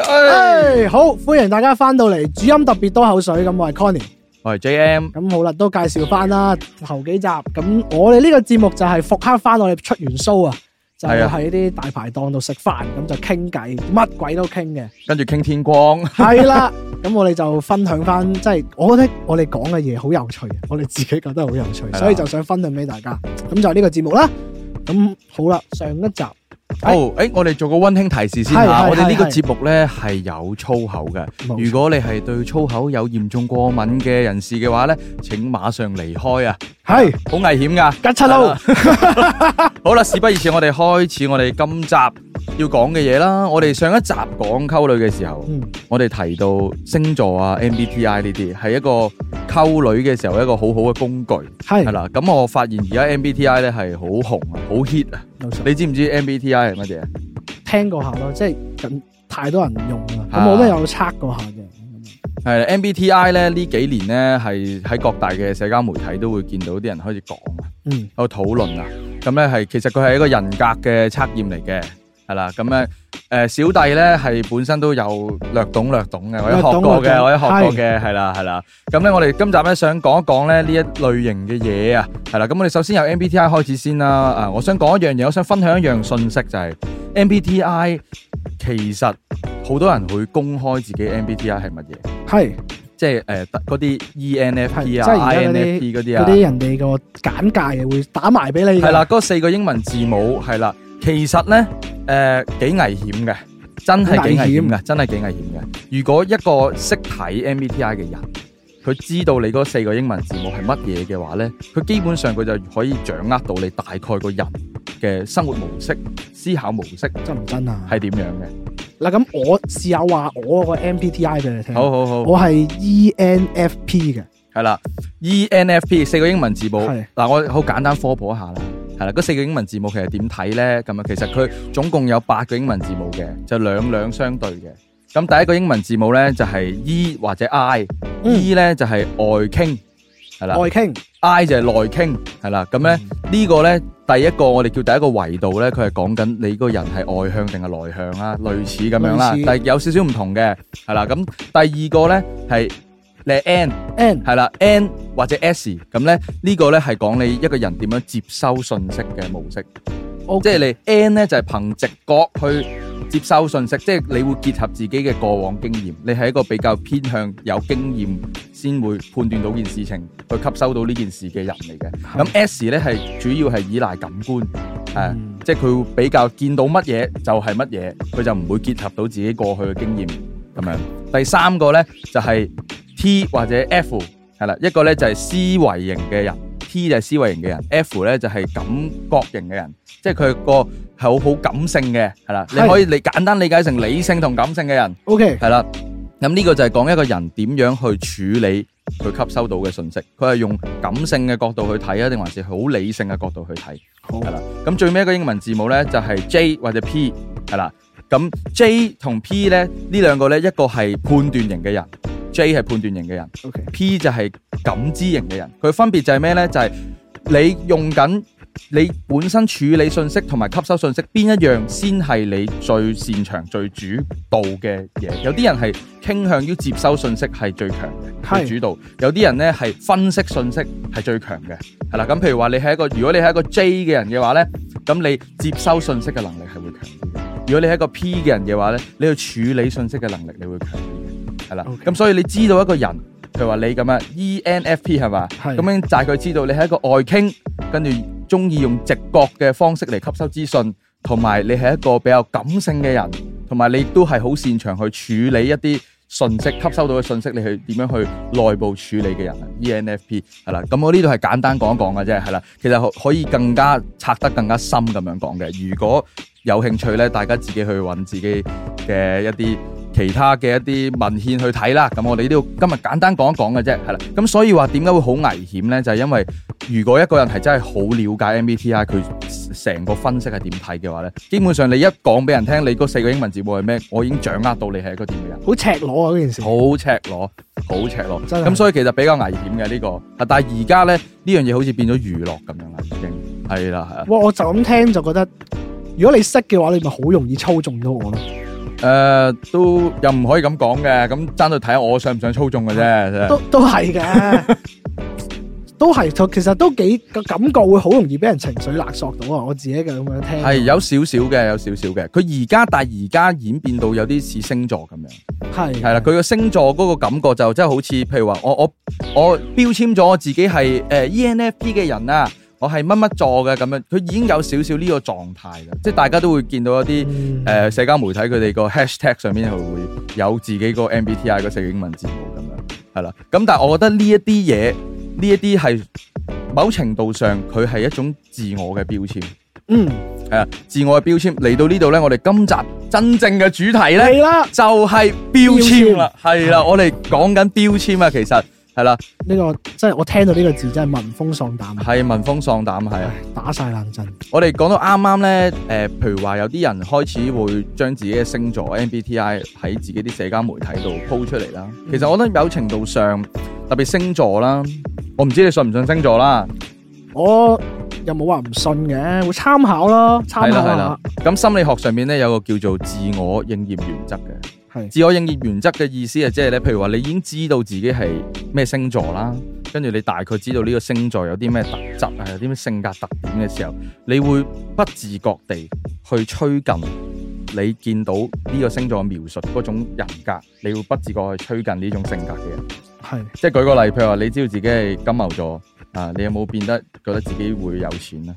哎，hey, 好歡迎大家翻到嚟，主音特別多口水，咁我係 Conny，我係 JM，咁好啦，都介紹翻啦，後幾集，咁我哋呢個節目就係復刻翻我哋出完 show 啊，就係喺啲大排檔度食飯，咁就傾偈，乜鬼都傾嘅，跟住傾天光，係 啦，咁我哋就分享翻，即係我覺得我哋講嘅嘢好有趣，我哋自己覺得好有趣，的所以就想分享俾大家，咁就係呢個節目啦，咁好啦，上一集。哦，誒、oh, 是欸，我哋做個溫馨提示先，我哋呢個節目咧係有粗口嘅，是是是如果你係對粗口有嚴重過敏嘅人士嘅話呢，請馬上離開啊，係吧，是好危險㗎，吉七佬，好啦，事不宜遲，我哋開始我哋今集要講嘅嘢啦，我哋上一集講溝女嘅時候，嗯、我哋提到星座啊、MBTI 呢啲，係一個溝女嘅時候一個好好嘅工具。係是，係啦。咁我發現而家 MBTI 咧係好紅啊，好 hit 啊。錯你知唔知 MBTI 係乜嘢？聽過下咯，即係咁太多人用啦。咁、啊、我都有測過下嘅。係 MBTI 咧呢幾年咧係喺各大嘅社交媒體都會見到啲人開始講，有、嗯、討論啊。咁咧係其實佢係一個人格嘅測驗嚟嘅。係啦，咁咧誒，小弟咧係本身都有略懂略懂嘅，或者學過嘅，或者學過嘅，係啦係啦。咁咧，我哋今集咧想講一講咧呢一類型嘅嘢啊，係啦。咁我哋首先由 MBTI 開始先啦。啊，我想講一樣嘢，我想分享一樣信息就係 MBTI，其實好多人會公開自己 MBTI 係乜嘢，係即係誒，嗰啲 ENFP 啊、INFP 嗰啲啊，嗰啲人哋個簡介會打埋俾你，係啦，嗰四個英文字母係啦，其實咧。誒、呃，幾危險嘅，真係幾危險嘅，險真係幾危險嘅。如果一個識睇 MBTI 嘅人，佢知道你嗰四個英文字母係乜嘢嘅話呢，佢基本上佢就可以掌握到你大概個人嘅生活模式、思考模式，真唔真啊？係點樣嘅？嗱，咁我試下話我個 MBTI 俾你聽，好好好，我係 ENFP 嘅，係啦，ENFP 四個英文字母，嗱是我好簡單科普一下啦。係啦，嗰四個英文字母其實點睇咧？咁啊，其實佢總共有八個英文字母嘅，就兩兩相對嘅。咁第一個英文字母咧就係、是、E 或者 I，E、嗯、咧就係、是、外傾，係啦。外傾傾 I 就係內傾，係啦。咁咧呢、嗯、個咧第一個我哋叫第一個維度咧，佢係講緊你個人係外向定係內向啦，類似咁樣啦，似似但係有少少唔同嘅，係啦。咁第二個咧係。你 N N 係啦了，N 或者 S 咁咧，呢、這個咧係講你一個人點樣接收信息嘅模式，即係 Okay. 你 N 咧就係、是、憑直覺去接收信息，即、就、係、是、你會結合自己嘅過往經驗，你係一個比較偏向有經驗先會判斷到件事情去吸收到呢件事嘅人嚟嘅。咁 S 咧係 Okay. 主要係依賴感官，誒、mm. 啊，即係佢會比較見到乜嘢就係乜嘢，佢就唔會結合到自己過去嘅經驗咁樣。第三個咧就係、是。T 或者 F 係啦，一個咧就係思維型嘅人，T 就係思維型嘅人，F 咧就係感覺型嘅人，即係佢個係好感性嘅係啦。的你可以你簡單理解成理性同感性嘅人，O K 係啦。咁呢 Okay. 個就係講一個人點樣去處理佢吸收到嘅信息，佢係用感性嘅角度去睇啊，定還是好理性嘅角度去睇？好係啦。咁最尾一個英文字母咧就係、是、J 或者 P 係啦。咁 J 同 P 咧呢兩個咧一個係判斷型嘅人。J 係判斷型嘅人 Okay.，P 就係感知型嘅人。佢分別就係咩呢？就係、是、你用緊你本身處理信息同埋吸收信息邊一樣先係你最擅長最主導嘅嘢。有啲人係傾向於接收信息係最強嘅主導，是有啲人呢係分析信息係最強嘅。係啦，咁譬如話你係一個如果你係一個 J 嘅人嘅話呢，咁你接收信息嘅能力係會強啲嘅；如果你係一個 P 嘅人嘅話呢，你去處理信息嘅能力你會強啲。係啦，咁 Okay. 所以你知道一個人，譬如話你咁啊，ENFP 係嘛，咁大概知道你係一個外傾，跟住中意用直覺嘅方式嚟吸收資訊，同埋你係一個比較感性嘅人，同埋你都係好擅長去處理一啲信息吸收到嘅信息，你去點樣去內部處理嘅人，ENFP 係啦，咁我呢度係簡單講一講嘅啫，係啦，其實可以更加拆得更加深咁樣講嘅，如果有興趣咧，大家自己去搵自己嘅一啲。其他嘅一啲文獻去睇啦，咁我哋都要今日簡單講一講嘅啫，係啦。咁所以話點解會好危險咧？就係因為如果一個人係真係好了解 MBTI 佢成個分析係點睇嘅話咧，基本上你一講俾人聽，你嗰四個英文字母係咩，我已經掌握到你係一個點嘅人，好赤裸啊！呢件事，好赤裸，好赤裸，真係。咁所以其實比較危險嘅呢個啊，但係而家咧呢樣嘢好似變咗娛樂咁樣啦，已經係啦，係。哇！我就咁聽就覺得，如果你識嘅話，你咪好容易操縱到我咯。誒、呃，都又唔可以咁講嘅，咁爭到睇下我想唔想操縱嘅啫，都 都係嘅，都係，其實都幾個感覺會好容易俾人情緒勒索到啊！我自己嘅咁樣聽係有少少嘅，有少少嘅，佢而家但係而家演變到有啲似星座咁樣，係係啦，佢個星座嗰個感覺就真係好似，譬如話我我我標籤咗我自己係誒 ENFP 嘅人啦，啊。我係乜乜座嘅咁樣，佢已經有少少呢個狀態啦，即係大家都會見到一啲誒、呃、社交媒體佢哋個 hashtag 上面係會有自己 MB 個 MBTI 個四個英文字母咁樣，係啦，咁但係我覺得呢一啲嘢，呢一啲係某程度上佢係一種自我嘅標籤，嗯，係啊，自我嘅標籤嚟到呢度咧，我哋今集真正嘅主題咧，係啦的，就係標籤啦，係啦籤，我哋講緊標籤啊，其實。係啦，呢、呢個即係我聽到呢個字，真係聞風喪膽。係聞風喪膽，係打晒冷震。我哋講到啱啱咧，誒、呃，譬如話有啲人開始會將自己嘅星座 MBTI 喺自己啲社交媒體度 po 出嚟啦。其實我覺得有程度上，特別星座啦，我唔知你信唔信星座啦。我又冇話唔信嘅，會參考咯，參考，係啦，參考下。咁心理學上面咧，有個叫做自我應驗原則嘅。自我應驗原則嘅意思啊、係，即係你譬如話你已經知道自己係咩星座啦，跟住你大概知道呢個星座有啲咩特質啊，有啲咩性格特點嘅時候，你會不自覺地去趨近你見到呢個星座描述嗰種人格，你會不自覺去趨近呢種性格嘅人。係是，即係舉個例，譬如話你知道自己係金牛座。啊！你有冇變得覺得自己會有錢咧？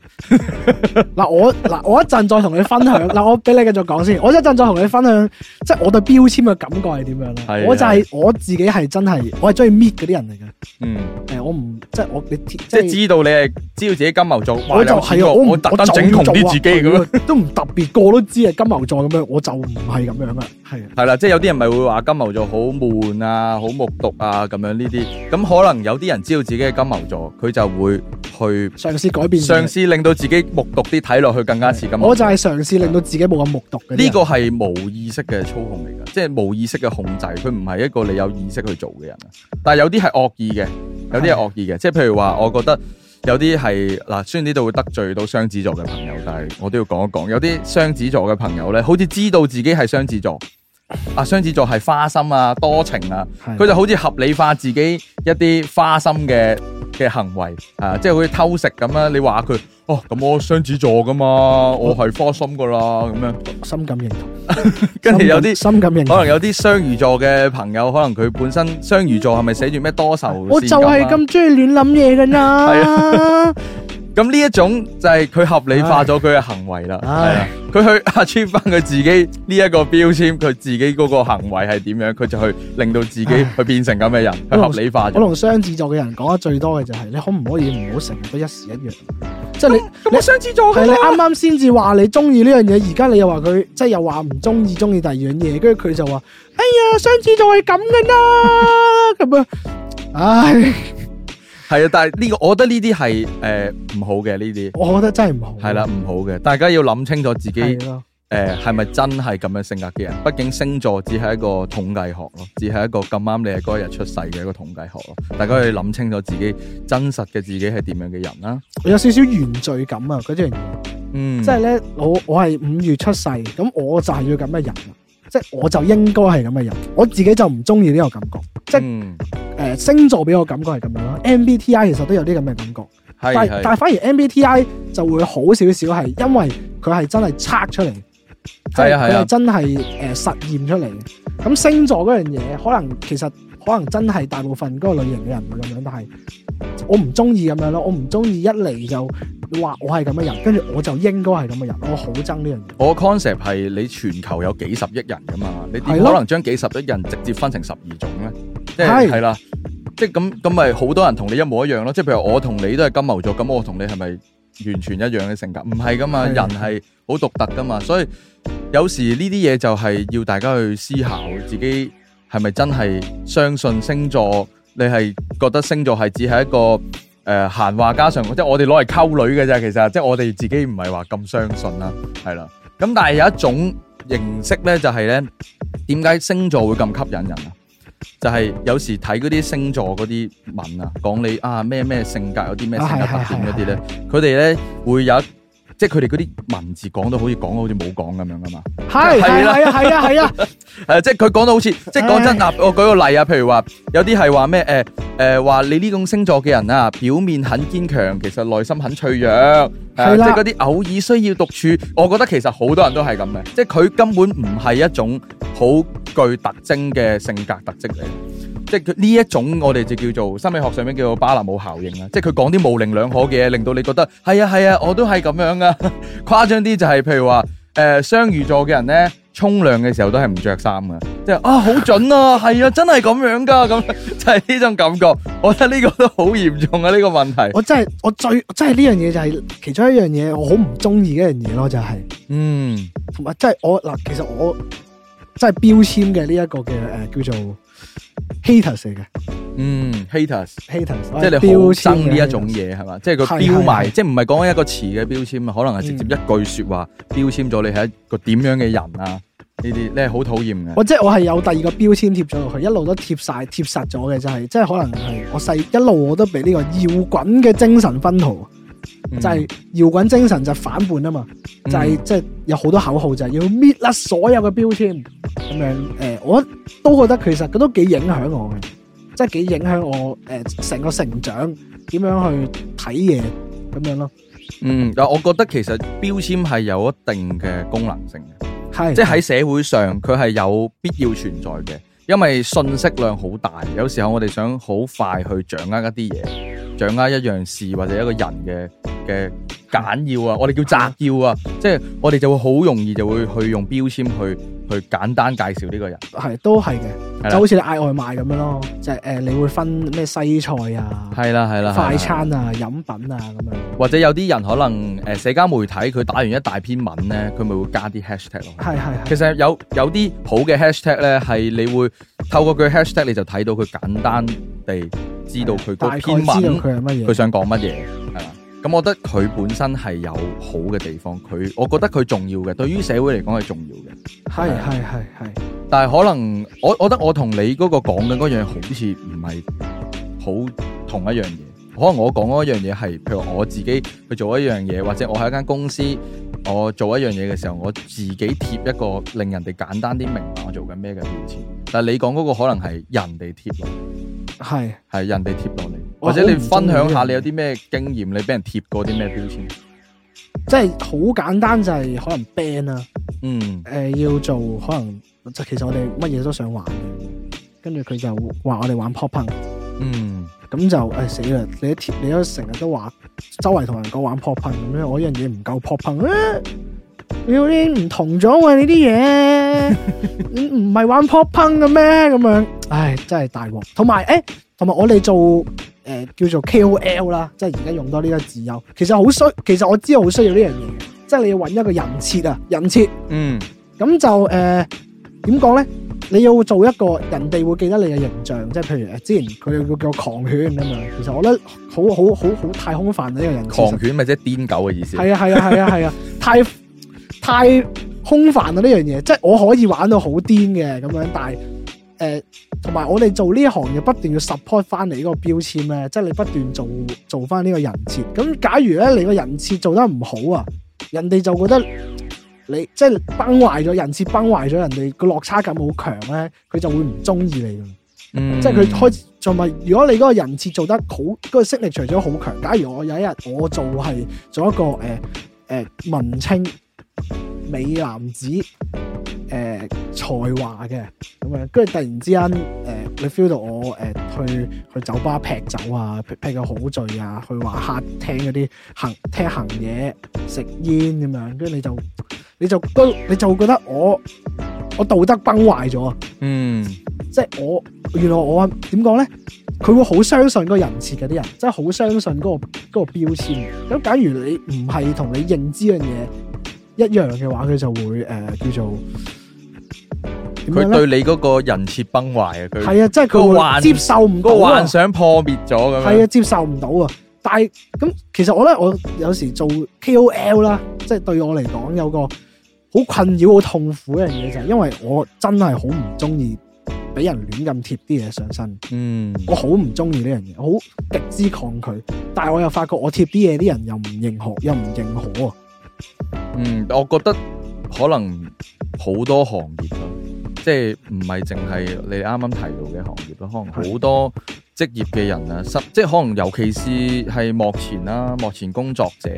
嗱，我嗱，我一陣再同你分享。嗱，我俾你繼續講先。我一陣再同你分享，即係我對標籤嘅感覺係點樣咧？我就係我自己係真係，我係中意搣嗰啲人嚟嘅。嗯，誒，我唔即係我即係知道你係知道自己金牛座，我就係我唔我特登整窮啲自己咁樣，都唔特別過都知係金牛座咁樣，我就唔係咁樣啊。係啊，係啦，即係有啲人咪會話金牛座好悶啊，好木獨啊，咁樣呢啲。咁可能有啲人知道自己係金牛座，就會去嘗試改變，嘗試令到自己木獨啲睇落去更加似咁。我就係嘗試令到自己冇咁木獨嘅。呢個係冇意識嘅操控嚟㗎，即係冇意識嘅控制。佢唔係一個你有意識去做嘅人，但係有啲係惡意嘅，有啲係惡意嘅。的即係譬如話，我覺得有啲係嗱，雖然呢度會得罪到雙子座嘅朋友，但係我都要講一講。有啲雙子座嘅朋友咧，好似知道自己係雙子座啊，雙子座係花心啊、多情啊，佢的就好似合理化自己一啲花心嘅。嘅行為啊，即係好似偷食咁啦。你話佢哦，咁我雙子座噶嘛，我係花心噶啦，咁樣。深感認同， 感 跟住有啲，深感認同。可能有啲雙魚座嘅朋友，可能佢本身雙魚座係咪寫住咩多愁？ 我就係咁中意亂諗嘢噶啦。 係啊 咁呢一種就係佢合理化咗佢嘅行為啦，佢唉唉 去啊，穿翻佢自己呢一個標籤，佢自己嗰個行為係點樣，佢就去令到自己去變成咁嘅人，去唉唉 合理化我雙。我同雙子座嘅人講得最多嘅就係，你可唔可以唔好成日都一時一樣？即係你，雙啊、你雙子座係你啱啱先至話你中意呢樣嘢，而家你又話佢，即係又話唔中意中意第二樣嘢，跟住佢就話，哎呀，雙子座係咁嘅啦，係咪？唉。係啊，但係呢個，我覺得呢啲係誒唔好嘅呢啲。我覺得真係唔好。係啦，唔好嘅，大家要諗清楚自己誒係咪真係咁樣性格嘅人？畢竟星座只係一個統計學咯，只係一個咁啱你喺嗰日出世嘅一個統計學咯。大家要諗清楚自己真實嘅自己係點樣嘅人啦。有少少原罪感啊，嗰啲嘢。嗯，即係咧，我我係五月出世，咁我就係要咁嘅人。即係我就應該係咁嘅人，我自己就唔中意呢個感覺。即係誒星座俾我感覺係咁樣咯，MBTI 其實都有啲咁嘅感覺，是但係是反而 MBTI 就會好少少係，因為佢係真係測出嚟，即係佢係真係誒實驗出嚟嘅。咁是是星座嗰樣嘢可能其實可能真係大部分嗰個類型嘅人會咁樣，但係我唔中意咁樣咯，我唔中意一嚟就。話我係咁嘅人，跟住我就應該係咁嘅人，我好憎呢樣嘢。我 concept 係你全球有幾十億人噶嘛，你點可能將幾十億人直接分成十二種咧？即係係係啦，即係咁咁，咪好多人同你一模一樣咯。即係譬如我同你都係金牛座，咁我同你係咪完全一樣嘅性格？唔係噶嘛，人係好獨特噶嘛，所以有時呢啲嘢就係要大家去思考，自己係咪真係相信星座？你係覺得星座係只係一個？誒，閒話家常，即係我哋攞嚟溝女嘅啫，其實，即係我哋自己唔係話咁相信啦，係啦。咁但係有一種形式咧，就係咧，點解星座會咁吸引人啊？就係有時睇嗰啲星座嗰啲文啊，講你啊咩咩性格，有啲咩性格特點嗰啲咧，佢哋咧會有一。即係佢哋嗰啲文字講到好似講到好似冇講咁樣㗎嘛，係係啊，係啊係啊，誒 即係佢講到好似即係講真啊，唉 我舉個例啊，譬如話有啲係話咩誒誒話你呢種星座嘅人啊，表面很堅強，其實內心很脆弱，是的 啊、即係嗰啲偶爾需要獨處，我覺得其實好多人都係咁嘅，即係佢根本唔係一種好具特徵嘅性格特徵嚟。即係呢一種，我哋就叫做心理學上面叫做巴納姆效應啦。即係佢講啲模棱兩可嘅嘢，令到你覺得係啊係啊，我都係咁樣噶。誇張啲就係，譬如話誒雙魚座嘅人咧，沖涼嘅時候都係唔着衫啊，即係啊，好準啊，係啊，真係咁樣噶。咁就係，是，呢種感覺。我覺得呢個都好嚴重啊，呢、這個問題。我真係我最我真係呢樣嘢就係，其中一樣嘢我好唔中意一樣嘢咯，嗯、就係嗯，同埋即係我嗱，其實我即係標籤嘅呢一個嘅誒叫做。haters 嚟嘅，Hat 嗯，haters，haters，即係你標籤呢一種嘢係嘛，吧即係佢標埋，的即係唔係講一個詞嘅標籤啊，可能係直接一句說話，嗯、標籤咗你係一個點樣嘅人啊，呢啲咧好討厭嘅。哦、即我即係我係有第二個標籤貼咗落去，一路都貼晒、貼實咗嘅，真係，即係可能係我細一路我都俾呢個搖滾嘅精神熏陶。嗯、就係搖滾精神就反叛啊嘛，嗯、就係即係有好多口號就係要搣甩所有嘅標籤咁樣，誒，我都覺得其實佢都幾影響我嘅，即係幾影響我誒成、呃、個成長點樣去睇嘢咁樣咯。嗯，嗱，我覺得其實標籤係有一定嘅功能性嘅，係是，即係喺社會上佢係有必要存在嘅，因為信息量好大，有時候我哋想好快去掌握一啲嘢。掌握一樣事或者一個人嘅嘅簡要啊，我哋叫摘要啊， 即係我哋就會好容易就會去用標籤去去簡單介紹呢個人。係都係嘅的，就好似你嗌外賣咁樣咯，就、呃、誒你會分咩西菜啊，係啦係啦，快餐啊、飲品啊咁樣。或者有啲人可能誒、呃、社交媒體佢打完一大篇文咧，佢咪會加啲 hashtag 咯。係係，的的其實有有啲好嘅 hashtag 咧，係你會透過佢 hashtag 你就睇到佢簡單地。 知道佢嗰篇文，佢想講乜嘢係啦？咁我覺得佢本身係有好嘅地方，佢我覺得佢重要嘅，的對於社會嚟講係重要嘅。係係係係。的的但係可能我我覺得我同你嗰個講緊嗰樣好似唔係好同一樣嘢。可能我講嗰樣嘢係，譬如我自己去做一樣嘢，或者我喺一間公司，我做一樣嘢嘅時候，我自己貼一個令人哋簡單啲明白我做緊咩嘅標籤。但係你講嗰個可能係人哋貼咯。係係人哋貼落嚟，哇或者你分享下你有啲咩經驗，哇你俾人貼過啲咩標籤？ 即係好簡單就係可能 band 啊，嗯，誒、呃，要做可能就其實我哋乜嘢都想玩，嘅。跟住佢就話我哋玩 pop punk 嗯，咁就誒死啦，你貼你都成日都話周圍同人講玩 pop punk 咁樣，我呢樣嘢唔夠 pop punk 啊！你啲唔同咗喎，呢啲嘢唔唔係玩 pop punk 嘅咩？咁樣，唉，真係大鑊。同埋，誒、欸，同埋我哋做誒、呃、叫做 KOL 啦，即係而家用多呢個字友，其實好需，其實我知道好需要呢樣嘢，即係你要搵一個人設啊，人設，嗯，咁就誒，點講咧？你要做一個人哋會記得你嘅形象，即係譬如之前佢叫叫狂犬咁樣，其實我覺得好好好好，好太空泛啊，呢、這、一個人狂犬咪即係癲狗嘅意思，係啊係啊係啊係啊，太。 太空泛啊！呢樣嘢，即係我可以玩到好癲嘅咁樣，但係誒、同埋我哋做呢一行又不斷要 support 翻你呢個標籤咧，即係你不斷做做翻呢個人設。咁假如咧，你個人設做得唔好啊，人哋就覺得你即係崩壞咗人設，崩壞咗人哋個落差感好強咧，佢就會唔中意你嘅。嗯、即係佢開始做，同埋如果你嗰個人設做得好，嗰個吸引力除咗好強，假如我有一日我做係做一個誒誒、呃呃、文青。美男子誒、呃、才華嘅咁樣，跟住，突然之間誒，你 feel 到我誒、呃、去去酒吧劈酒啊，劈劈個好醉啊，去話客廳嗰啲行聽行嘢食煙咁樣，跟住你就你就覺你，你就覺得我我道德崩壞咗，啊。嗯，即係我原來我點講咧，佢會好相信嗰個人設嘅啲人，即係好相信嗰，個嗰，個標籤。咁假如你唔係同你認知樣嘢。一樣嘅話，佢就會誒、呃、叫做佢對你嗰個人設崩壞啊！佢係啊，即係佢接受唔到幻想破滅咗咁。係啊，接受唔到啊！但係咁，其實我咧，我有時做 KOL 啦，即係對我嚟講有個好困擾、好痛苦一樣嘢就係、是、因為我真係好唔中意俾人亂咁貼啲嘢上身。嗯，我好唔中意呢樣嘢，好極之抗拒。但係我又發覺我貼啲嘢，啲人又唔認可，又唔認可啊！嗯，我覺得可能好多行業咯，即係唔係淨係你啱啱提到嘅行業咯，可能好多職業嘅人啊，失即係可能尤其是係幕前啦，幕前工作者，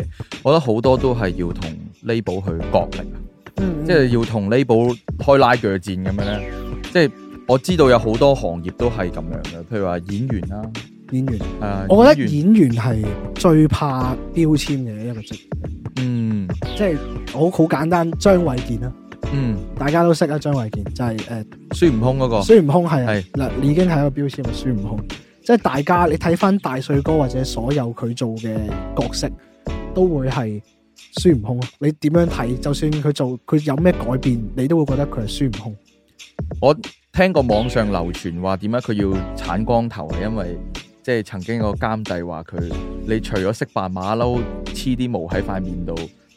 我覺得好多都係要同 label 去角力，嗯、即係要同 label 開拉鋸戰咁樣咧。即係我知道有好多行業都係咁樣嘅，譬如話演員啦，演員，演員呃、我覺得演員係最怕標籤嘅一個職業，嗯。即係好好簡單，張衛健啊。嗯，大家都識啊，張衛健就係、是、誒，孫、uh, 悟空嗰、那個，孫悟空係啊，嗱是，你已經喺個標籤啊，孫、就是、悟空，即係大家你睇翻大帥哥或者所有佢做嘅角色，都會係孫悟空啊，你點樣睇，就算佢做佢有咩改變，你都會覺得佢係孫悟空。我聽過網上流傳話點解佢要鏟光頭，係因為即係、就是、曾經有個監製話佢，你除咗識扮馬騮，黐啲毛喺塊面度。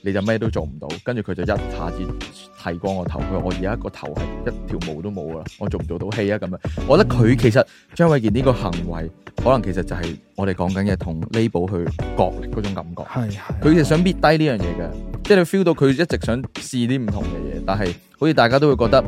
你就咩都做唔到，跟住佢就一下子剃光個頭。佢話我而家個頭係一條毛都冇噶啦，我做唔做到戲啊咁樣？我覺得佢其實張衛、嗯、健呢個行為可能其實就係我哋講緊嘅同 label 去角力嗰種感覺，係係的，佢其實想搣低呢樣嘢嘅，即係你 feel 到佢一直想試啲唔同嘅嘢，但係好似大家都會覺得。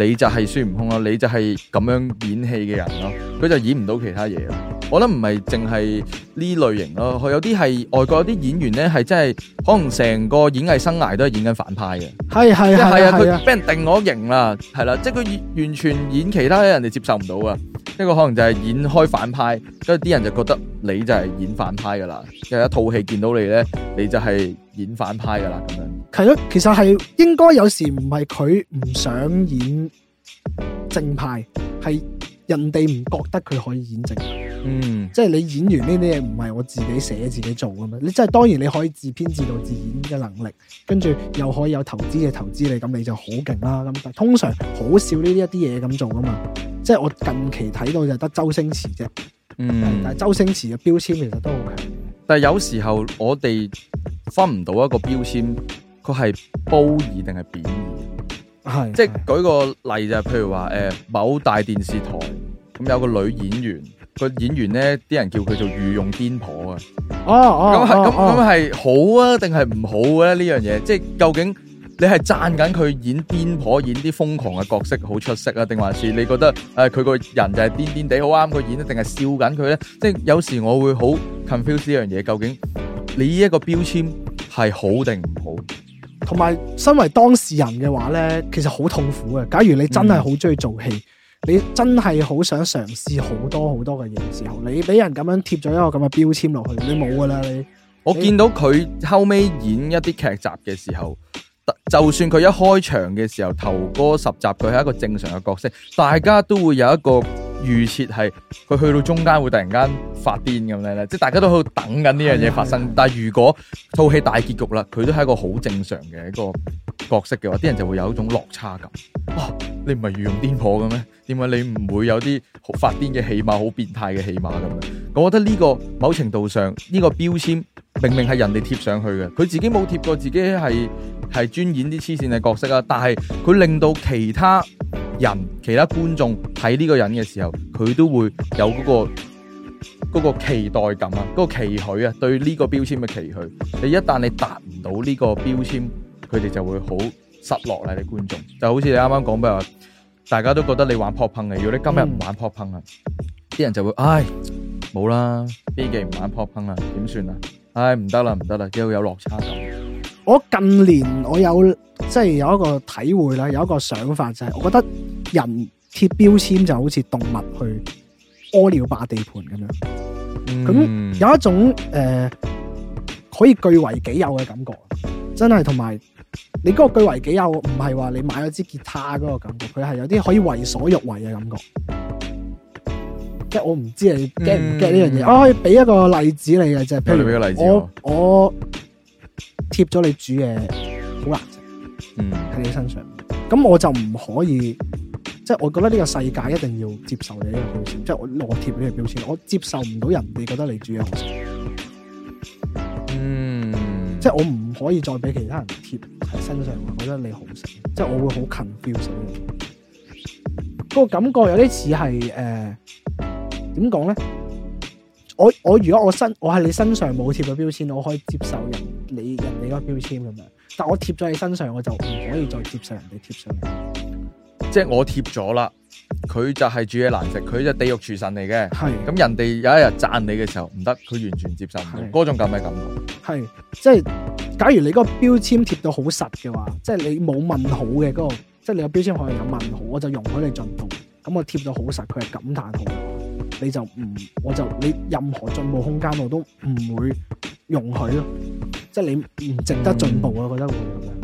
你就係孫悟空咯，你就係咁樣演戲嘅人咯，佢就演唔到其他嘢啊。我諗唔係淨係呢類型咯，佢有啲係外國有啲演員咧，係真係可能成個演藝生涯都係演緊反派嘅。係係係係啊，佢俾人定我型啦，係啦，即係佢完全演其他人，人哋接受唔到噶。一個可能就係演開反派，跟住啲人就覺得你就係演反派噶啦，即係一套戲見到你咧，你就係演反派噶啦咁樣。係咯，其實係應該有時唔係佢唔想演正派，係人哋唔覺得佢可以演正。嗯，即係你演完呢啲嘢，唔係我自己寫自己做噶嘛。你即係當然你可以自編自導自演嘅能力，跟住，又可以有投資嘅投資你，咁你就好勁啦。咁但通常好少呢一啲嘢咁做噶嘛。即係我近期睇到就得周星馳啫。嗯，但係周星馳嘅標籤其實都好強。但係有時候我哋分唔到一個標籤。佢係褒義定係貶義？係， 即係舉個例就係，譬如話誒、呃，某大電視台咁、嗯、有個女演員，個演員咧，啲人叫佢做御用癲婆啊。哦哦，咁係咁，咁係好啊，定係唔好咧？呢樣嘢，即係究竟你係讚緊佢演癲婆，演啲瘋狂嘅角色好出色啊，定還是你覺得誒佢個人就係癲癲地好啱佢演，定係笑緊佢咧？即係有時我會好 confuse 呢樣嘢，究竟你呢一個標籤係好定唔好？同埋身為當事人嘅話呢，其實好痛苦嘅。假如你真係好中意做戲，嗯、你真係好想嘗試好多好多嘅嘢嘅時候，你俾人咁樣貼咗一個咁嘅標籤落去，你冇噶啦，你。我見到佢後尾演一啲劇集嘅時候，就算佢一開場嘅時候，頭嗰十集佢係一個正常嘅角色，大家都會有一個。預設係佢去到中間會突然間發癲咁樣咧，即係大家都喺度等緊呢樣嘢發生。的但係如果套戲大結局啦，佢都係一個好正常嘅一個角色嘅話，啲人就會有一種落差感。哇、啊！你唔係御用癲婆嘅咩？點解你唔會有啲發癲嘅戲碼、好變態嘅戲碼咁？我覺得呢個某程度上，呢、呢個標籤明明係人哋貼上去嘅，佢自己冇貼過，自己係係專演啲黐線嘅角色啊。但係佢令到其他。人其他觀眾睇呢個人嘅時候，佢都會有嗰、嗰個、嗰個期待感啊，嗰、嗰個期許啊，對呢個標籤嘅期許。你一旦你達唔到呢個標籤，佢哋就會好失落啦。啲觀眾就好似你啱啱講，比如話大家都覺得你玩 pop punk 嘅，如果你今日唔玩 pop punk 啊，啲、嗯、人就會唉，冇啦，呢記唔玩 pop punk 啦，點算啊？唉，唔得啦，唔得啦，又會有落差感。我近年我有即係有一個體會啦，有一個想法就係、係、我覺得。人貼標籤就好似動物去屙尿霸地盤咁樣，咁、嗯、有一種誒、呃、可以據為己有嘅感覺，真係同埋你嗰個據為己有唔係話你買咗支吉他嗰個感覺，佢係有啲可以為所欲為嘅感覺。即係我唔知你驚唔驚呢樣嘢，嗯、我可以俾一個例子例如給你嘅啫，俾你俾個例子我。我我貼咗你煮嘢好難食，嗯喺你身上，咁我就唔可以。即係我覺得呢個世界一定要接受你呢個標籤，即係我我貼呢個標籤，我接受唔到人哋覺得你煮嘢好食。嗯，即係我唔可以再俾其他人貼喺身上，我覺得你好食，即係我會好近標籤嘅，個感覺有啲似係誒，點講咧？我我如果我身我喺你身上冇貼到標籤，我可以接受人你嘅你個標籤咁樣，但我貼咗你身上，我就唔可以再接受人哋貼上嚟。即係我貼咗啦，佢就係煮嘢難食，佢就地獄廚神嚟嘅。係咁是的 人哋有一日讚你嘅時候唔得，佢完全接受唔到。嗰種是的 感係咁。係即係，假如你嗰個標籤貼到好實嘅話，即係你冇問號嘅嗰個，即係你個標籤可能有問號，我就容許你進步。咁我貼到好實，佢係感嘆號，你就唔，我就你任何進步空間我都唔會容許咯。即係你唔值得進步、嗯、我覺得會咁樣。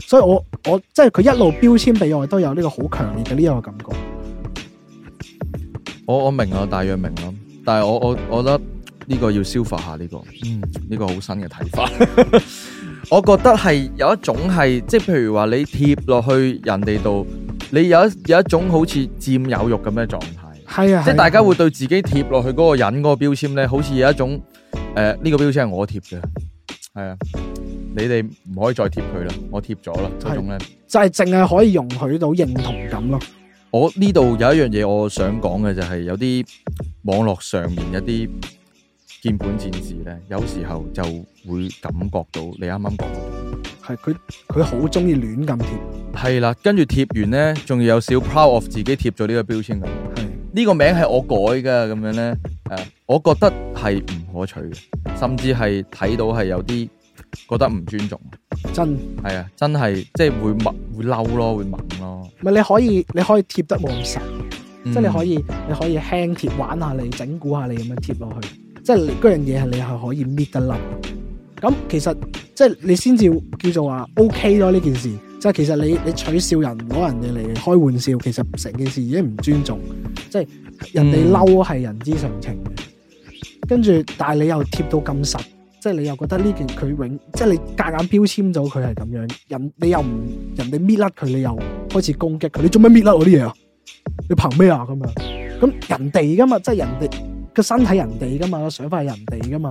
所以我我即係佢一路標籤俾我，都有呢個好強烈嘅呢一個感覺。我我明啊，大約明囉，但係我我我覺得呢個要消化下呢個，嗯，呢個好新嘅睇法。 我覺得係有一種係，即係譬如話你貼落去人哋度，你有一有一種好似佔有欲咁嘅狀態。係啊，即係大家會對自己貼落去嗰個人嗰個標籤咧，好似有一種誒，呢個標籤係我貼嘅，係啊。你哋唔可以再貼佢啦，我貼咗啦。嗰是種咧，就係淨係可以容許到認同感咯。我呢度有一樣嘢，我想講嘅就係有啲網絡上面一啲鍵盤戰士咧，有時候就會感覺到你啱啱講，係佢佢好中意亂咁貼，係啦，跟住貼完咧，仲要有少 proud of 自己貼咗呢個標籤嘅，係呢個名係我改噶，咁樣咧誒、呃，我覺得係唔可取嘅，甚至係睇到係有啲。覺得唔尊重，真係的啊，真係即係會猛會嬲咯，會猛咯。唔係你可以你可以貼得冇咁實，嗯、實，即係你可以你可以輕貼玩下你整蠱下你咁樣貼落去，即係嗰樣嘢係你係可以搣得冧。咁其實即係你先至叫做話 OK 咯呢件事，即係其實你你取笑人攞人哋嚟開玩笑，其實成件事已經唔尊重，即係人哋嬲係人之常情。嗯、跟住但係你又貼到咁實。即係你又覺得呢件佢永，即係你夾硬標籤咗佢係咁樣人，你又唔人哋搣甩佢，你又開始攻擊佢，你做咩搣甩我啲嘢啊？你憑咩啊？咁樣咁人哋噶嘛，即係人哋個身體人哋噶嘛，個想法係人哋噶嘛。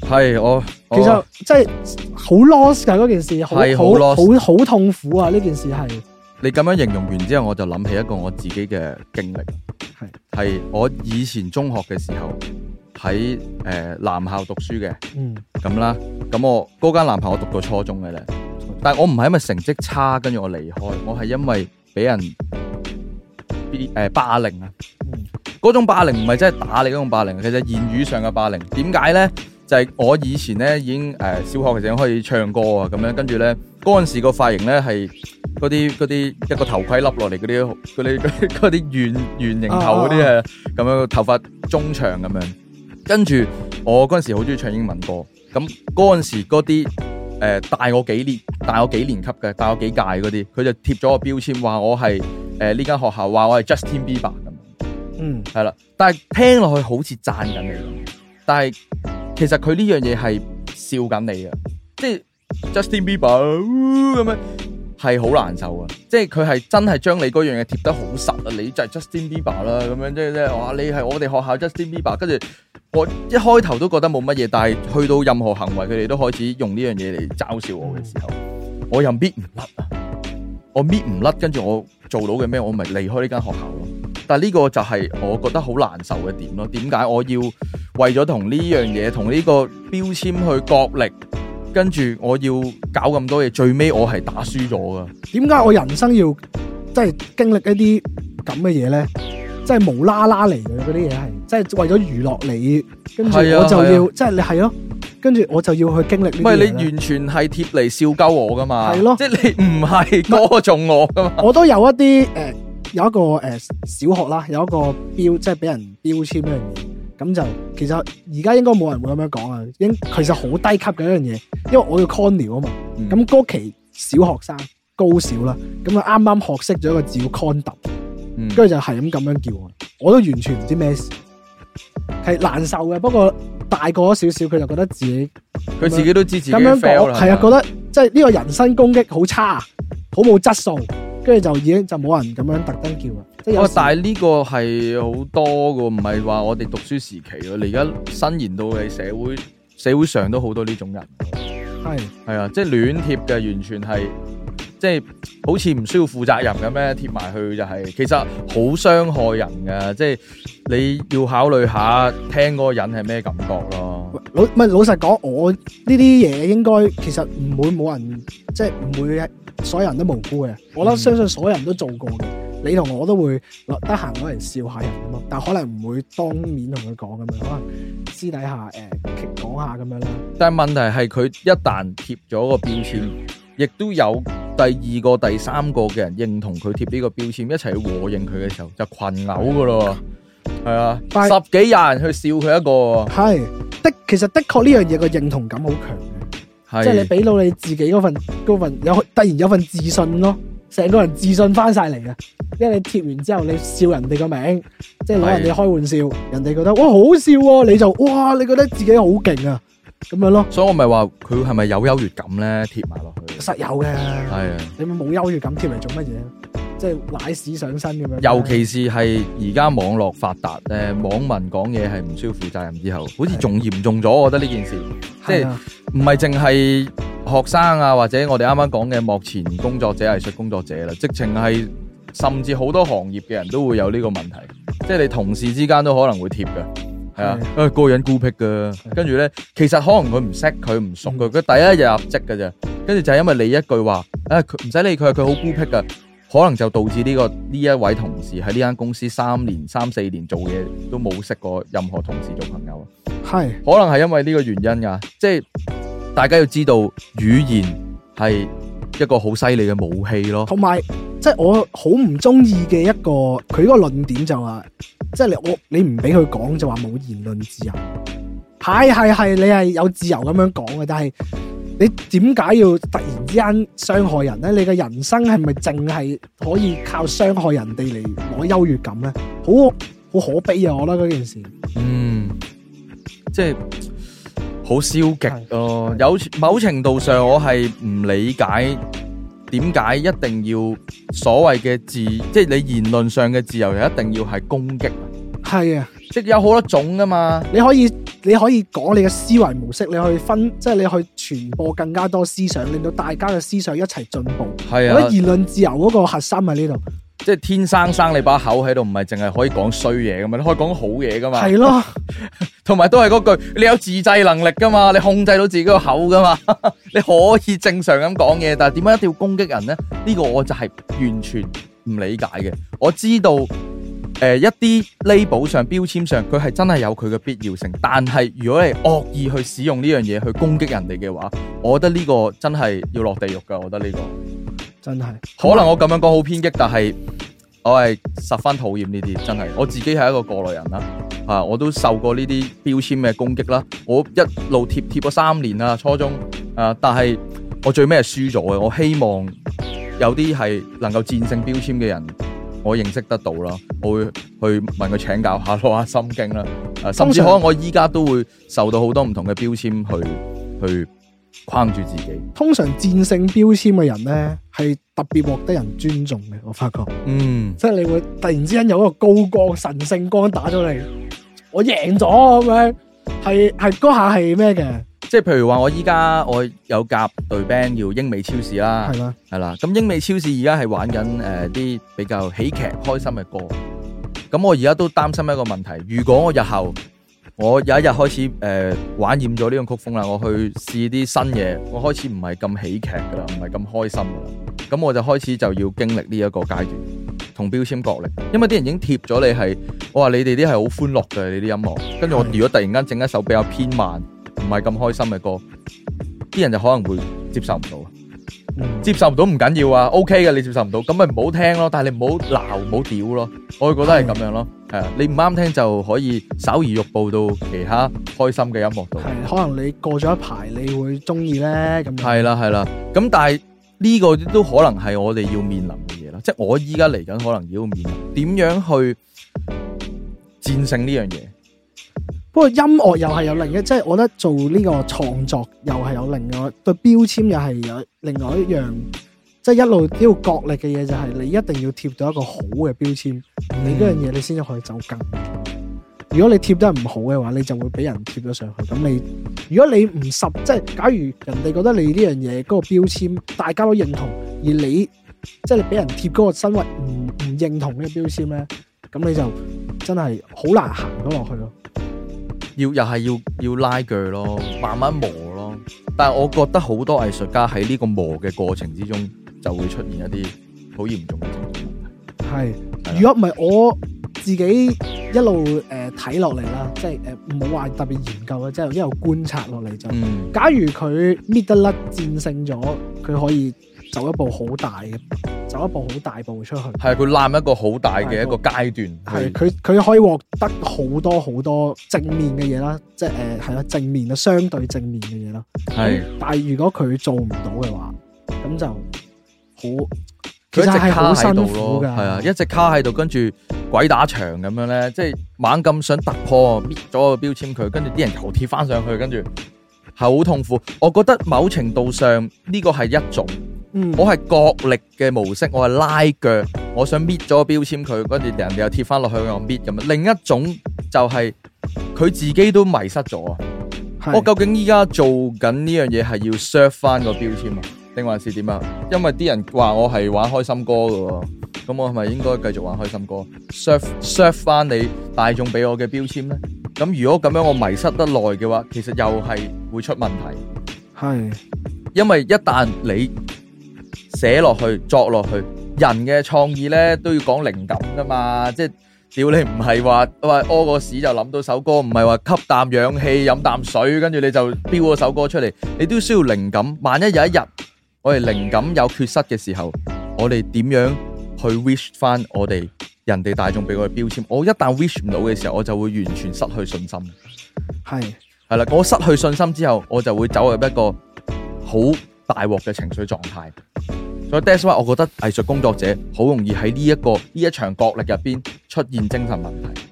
係我，我其實即係好 lost 嘅嗰件事，好好好痛苦啊！呢件事係你咁樣形容完之後，我就諗起一個我自己嘅經歷，係係是我以前中學嘅時候。喺誒男校讀書嘅，咁啦、嗯，咁我嗰間男校我讀過初中嘅咧。但係我唔係因為成績差，跟住我離開，我係因為俾人，誒、呃、霸凌啊。嗰、嗯、種霸凌唔係真係打你嗰種霸凌，其實言語上嘅霸凌。點解咧？就係、是、我以前咧已經誒、呃、小學嘅時候已經開始唱歌啊，咁樣跟住咧嗰陣時個髮型咧係嗰啲嗰啲一個頭盔笠落嚟嗰啲嗰啲嗰啲圓圓形頭嗰啲啊，啊，啊，咁樣、啊、頭髮中長咁樣。跟住我嗰陣時好中意唱英文歌，咁嗰陣時嗰啲誒大我幾年大我幾年級嘅大我幾屆嗰啲，佢就貼咗個標籤話我係誒呢間學校話我係 Justin Bieber 咁、嗯，嗯係啦，但係聽落去好似讚緊你，但係其實佢呢樣嘢係笑緊你嘅，即係 Justin Bieber 咁、呃、樣係好難受啊，即係佢係真係將你嗰樣嘢貼得好實啊，你就係 Justin Bieber 啦咁樣，即係咧哇你係我哋學校 Justin Bieber，跟住。我一開頭都覺得冇乜嘢，但係去到任何行為，佢哋都開始用呢樣嘢嚟嘲笑我嘅時候，我又搣唔甩啊！我搣唔甩，跟住我做到嘅咩？我咪離開呢間學校咯。但係呢個就係我覺得好難受嘅點咯。點解我要為咗同呢樣嘢，同呢個標籤去角力？跟住我要搞咁多嘢，最尾我係打輸咗㗎。點解我人生要即係經歷一啲咁嘅嘢咧？即係無啦啦嚟嘅嗰啲嘢係，即係為咗娛樂你，跟住我就要，啊、即係你係咯，跟住、啊、我就要去經歷。唔係你完全係貼嚟笑鳩我噶嘛？係咯、啊，即係你唔係歌頌我噶嘛。我都有一啲誒、呃，有一個誒、呃、小學啦，有一個標，即係俾人標籤呢樣嘢。咁就其實而家應該冇人會咁樣講啊。應其實好低級嘅一樣嘢，因為我要 con 聊啊嘛。咁嗰、嗯、期小學生高小啦，咁啊啱啱學識咗一個字叫 c o n d u 跟住、嗯、就係咁咁樣叫我，我都完全唔知咩事，係難受嘅。不過大個咗少少，佢就覺得自己，佢自己都知自己 fail 啦。係啊，覺得即係呢個人身攻擊好差，好冇質素。跟住就已經就冇人咁樣特登叫啦。哦、即係啊，但係呢個係好多噶，唔係話我哋讀書時期咯，而家伸延到嘅社會，社會上都好多呢種人。係係是啊，即係亂貼嘅，完全係。即係好似唔需要負責任咁咩？貼埋去就係、是、其實好傷害人嘅。即係你要考慮下聽嗰個人係咩感覺咯。老唔係老實講，我呢啲嘢應該其實唔會冇人，即係唔會所有人都無辜嘅。嗯、我覺得相信所有人都做過嘅。你同我都會得閒嗰陣笑下人啊嘛，但係可能唔會當面同佢講咁樣，可能私底下誒講、呃、下咁樣啦。但係問題係佢一旦貼咗個標籤，亦都有。第二個、第三個嘅人認同佢貼呢個標籤，一齊去和應佢嘅時候，就群毆噶咯，係啊，拜 十幾廿人去笑佢一個，係的，其實的確呢樣嘢個認同感好強，即係是你俾到你自己嗰份份有突然有份自信咯，成個人自信翻晒嚟嘅，因為你貼完之後你笑人哋個名，即係攞人哋開玩笑，人哋覺得哇好笑喎、啊，你就哇你覺得自己好勁啊。咁樣咯，所以我咪話佢係咪有優越感咧？貼埋落去，實有嘅。係啊的，你冇優越感貼嚟做乜嘢？即係奶屎上身咁樣。尤其是係而家網絡發達，誒、嗯，網民講嘢係唔需要負責任之後，好似仲嚴重咗。的我覺得呢件事，的即係唔係淨係學生啊，或者我哋啱啱講嘅幕前工作者、藝術工作者啦，直情係甚至好多行業嘅人都會有呢個問題，嗯、即係你同事之間都可能會貼㗎。係啊，個人孤僻噶跟住咧，其實可能佢唔識佢唔熟佢，佢第一日入職噶咋，跟住就係因為你一句話，啊、哎，佢唔使理佢，佢好孤僻噶可能就導致呢、這個呢一位同事喺呢間公司三年三四年做嘢都冇識過任何同事做朋友，係是，可能係因為呢個原因噶，即係大家要知道語言係一個好犀利嘅武器咯，同埋即係我好唔中意嘅一個佢嗰個論點就話、是。即係你我你唔俾佢講就話冇言論自由，係係係你係有自由咁樣講嘅，但係你點解要突然之間傷害人咧？你嘅人生係咪淨係可以靠傷害人哋嚟攞優越感咧？好好可悲啊！我覺得嗰件事，嗯，即係好消極咯、啊。有某程度上，我係唔理解。點解一定要所謂嘅自，即係你言論上嘅自由，又一定要係攻擊？係啊，即係有好多種噶嘛你，你可以講你可以講你嘅思維模式，你去分，即係你去傳播更加多思想，令到大家嘅思想一齊進步。係啊，我覺得言論自由嗰個核心啊呢度。即係天生生你把口喺度，唔係淨係可以講衰嘢噶嘛，你可以講好嘢噶嘛。係咯，同埋都係嗰句，你有自制能力噶嘛，你控制到自己個口噶嘛， 你可以正常咁講嘢，但係點解一定要攻擊人呢？呢、呢個我就係完全唔理解嘅。我知道誒、呃、一啲 label 上、標籤上，佢係真係有佢嘅必要性，但係如果你惡意去使用呢樣嘢去攻擊人哋嘅話，我覺得呢個真係要落地獄噶。我覺得呢、呢個。真係，可能我咁樣講好偏激，但係我係十分討厭呢啲，真係我自己係一個過來人啦，啊，我都受過呢啲標籤嘅攻擊啦，我一路貼貼咗三年啦，初中，啊，但係我最尾係輸咗嘅，我希望有啲係能夠戰勝標籤嘅人，我認識得到啦，我會去問佢請教下，攞下心經啦，啊，甚至可能我依家都會受到好多唔同嘅標籤去去。去框住自己。通常戰勝標籤嘅人咧，係特別獲得人尊重嘅。我發覺，嗯，即係你會突然之間有一個高光神聖光打咗嚟，我贏咗咁樣，係係嗰下係咩嘅？即係譬如話，我依家我有夾隊 band 叫英美超市啦，係啦嗎，係啦。咁英美超市而家係玩緊誒啲比較喜劇開心嘅歌。咁我而家都擔心一個問題，如果我日後我有一日開始誒玩厭咗呢種曲風啦，我去試啲新嘢，我開始唔係咁喜劇噶啦，唔係咁開心噶啦，咁我就開始就要經歷呢一個階段同標籤角力，因為啲人已經貼咗你係，你你我話你哋啲係好歡樂嘅你啲音樂，跟住我如果突然間整一首比較偏慢，唔係咁開心嘅歌，啲人就可能會接受唔到。嗯、接受唔到唔緊要啊，OK 嘅，你接受唔到咁咪唔好聽咯，但係你唔好鬧唔好屌咯，我會覺得係咁樣咯，係啊，你唔啱聽就可以稍而欲步到其他開心嘅音樂度，係，可能你過咗一排你會中意咧，咁係啦係啦，咁但係呢個都可能係我哋要面臨嘅嘢啦，即係我依家嚟緊可能要面臨，點樣去戰勝呢樣嘢？不過音樂又係有另一，即係我覺得做呢個創作又係有另外對標籤又係有另外一樣，即係一路都要角力嘅嘢就係你一定要貼到一個好嘅標籤，嗯、你嗰樣嘢你先至可以走更。如果你貼得唔好嘅話，你就會俾人貼咗上去。咁你如果你唔十，即係假如人哋覺得你呢樣嘢嗰個標籤大家都認同，而你即係你俾人貼嗰個身為唔唔認同嘅標籤咧，咁你就真係好難行咗落去咯。要又係要要拉鋸咯，慢慢磨咯。但係我覺得好多藝術家喺呢個磨嘅過程之中，就會出現一啲好嚴重嘅症狀。係是，以如果唔係我自己一路誒睇落嚟啦，即係唔好話特別研究啦，即係一路觀察落嚟就，嗯、假如佢搣得甩戰勝咗，佢可以。走一步好大嘅，走一步好大步出去。係佢攬一個好大嘅一個階段。係佢佢可以獲得好多好多正面嘅嘢啦，即係誒係啦，正面啊，相對正面嘅嘢啦。係的，但係如果佢做唔到嘅話，咁就好。其實係好辛苦噶，佢一直卡喺度囉，係啊，一直卡喺度，跟住鬼打牆咁樣咧，即係猛咁想突破，搣咗個標籤佢，跟住啲人又貼翻上去，跟住係好痛苦。我覺得某程度上呢個係一種。我係角力嘅模式，我係拉腳，我想搣咗個標籤佢，跟住人哋又貼翻落去我搣咁。另一種就係、是、佢自己都迷失咗啊！是我究竟依家做緊呢樣嘢係要削翻個標籤啊，定還是點啊？因為啲人話我係玩開心歌㗎喎，咁我係咪應該繼續玩開心歌，削削翻你大眾俾我嘅標籤咧？咁如果咁樣我迷失得耐嘅話，其實又係會出問題。係是，因為一旦你寫落去，作落去，人嘅創意呢都要講靈感噶嘛，即係屌你唔係話，話屙個屎就諗到首歌，唔係話吸啖氧氣飲啖水，跟住你就飆嗰首歌出嚟，你都需要靈感。萬一有一日我哋靈感有缺失嘅時候，我哋點樣去 wish 翻我哋人哋大眾俾我嘅標籤？我一旦 wish 唔到嘅時候，我就會完全失去信心。係係啦，我失去信心之後，我就會走入一個好大鑊嘅情緒狀態。所以 death o n 我覺得藝術工作者好容易喺呢一個呢一場角力入邊出現精神問題。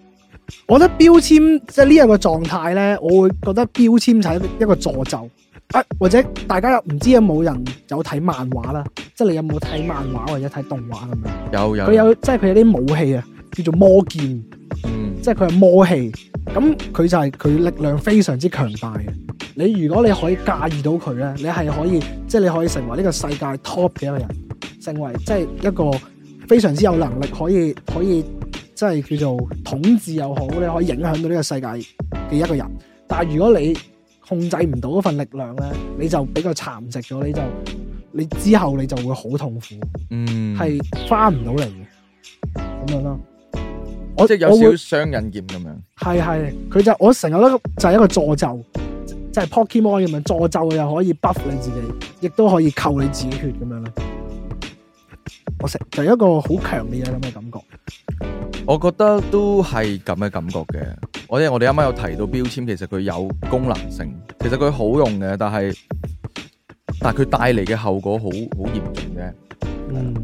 我覺得標籤即係呢個狀態咧，我會覺得標籤就係一個詛咒啊。或者大家又唔知有冇人有睇漫畫啦，即係你有冇睇漫畫或者睇動畫咁樣？有有，佢有即係佢有啲武器啊，叫做魔劍，嗯，即係佢係魔器。咁佢就係、是、佢力量非常之強大嘅，你如果你可以駕馭到佢咧，你係可以即係你可以成為呢個世界 top 嘅一個人，成為即係一個非常之有能力可以可以即係叫做統治又好，你可以影響到呢個世界嘅一個人。但係如果你控制唔到嗰份力量咧，你就比較殘食咗，你就你之後你就會好痛苦，嗯，係翻唔到嚟嘅，咁樣咯。我即係有少少雙刃劍咁樣，係係佢就我成日咧就係一個詛咒，就係、是、Pokemon 咁樣詛咒又可以 buff 你自己，亦都可以扣你自己血咁樣咧。我成就是、一個好強烈嘅咁嘅感覺。我覺得都係咁嘅感覺嘅。我因為我哋啱啱有提到標籤，其實佢有功能性，其實佢好用嘅，但係但係佢帶嚟嘅後果好好嚴重嘅。嗯。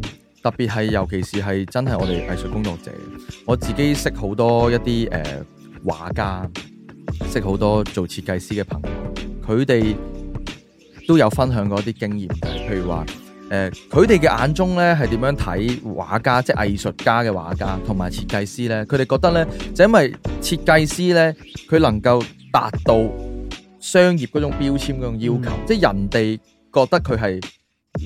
特別係，尤其是係真係我哋藝術工作者，我自己識好多一啲誒畫家，識好多做設計師嘅朋友，佢哋都有分享過一啲經驗嘅。譬如話，誒佢哋嘅眼中咧係點樣睇畫家，即係藝術家嘅畫家同埋設計師咧？佢哋覺得咧，就係因為設計師咧，佢能夠達到商業嗰種標籤嗰種要求，mm hmm. 即係人哋覺得佢係。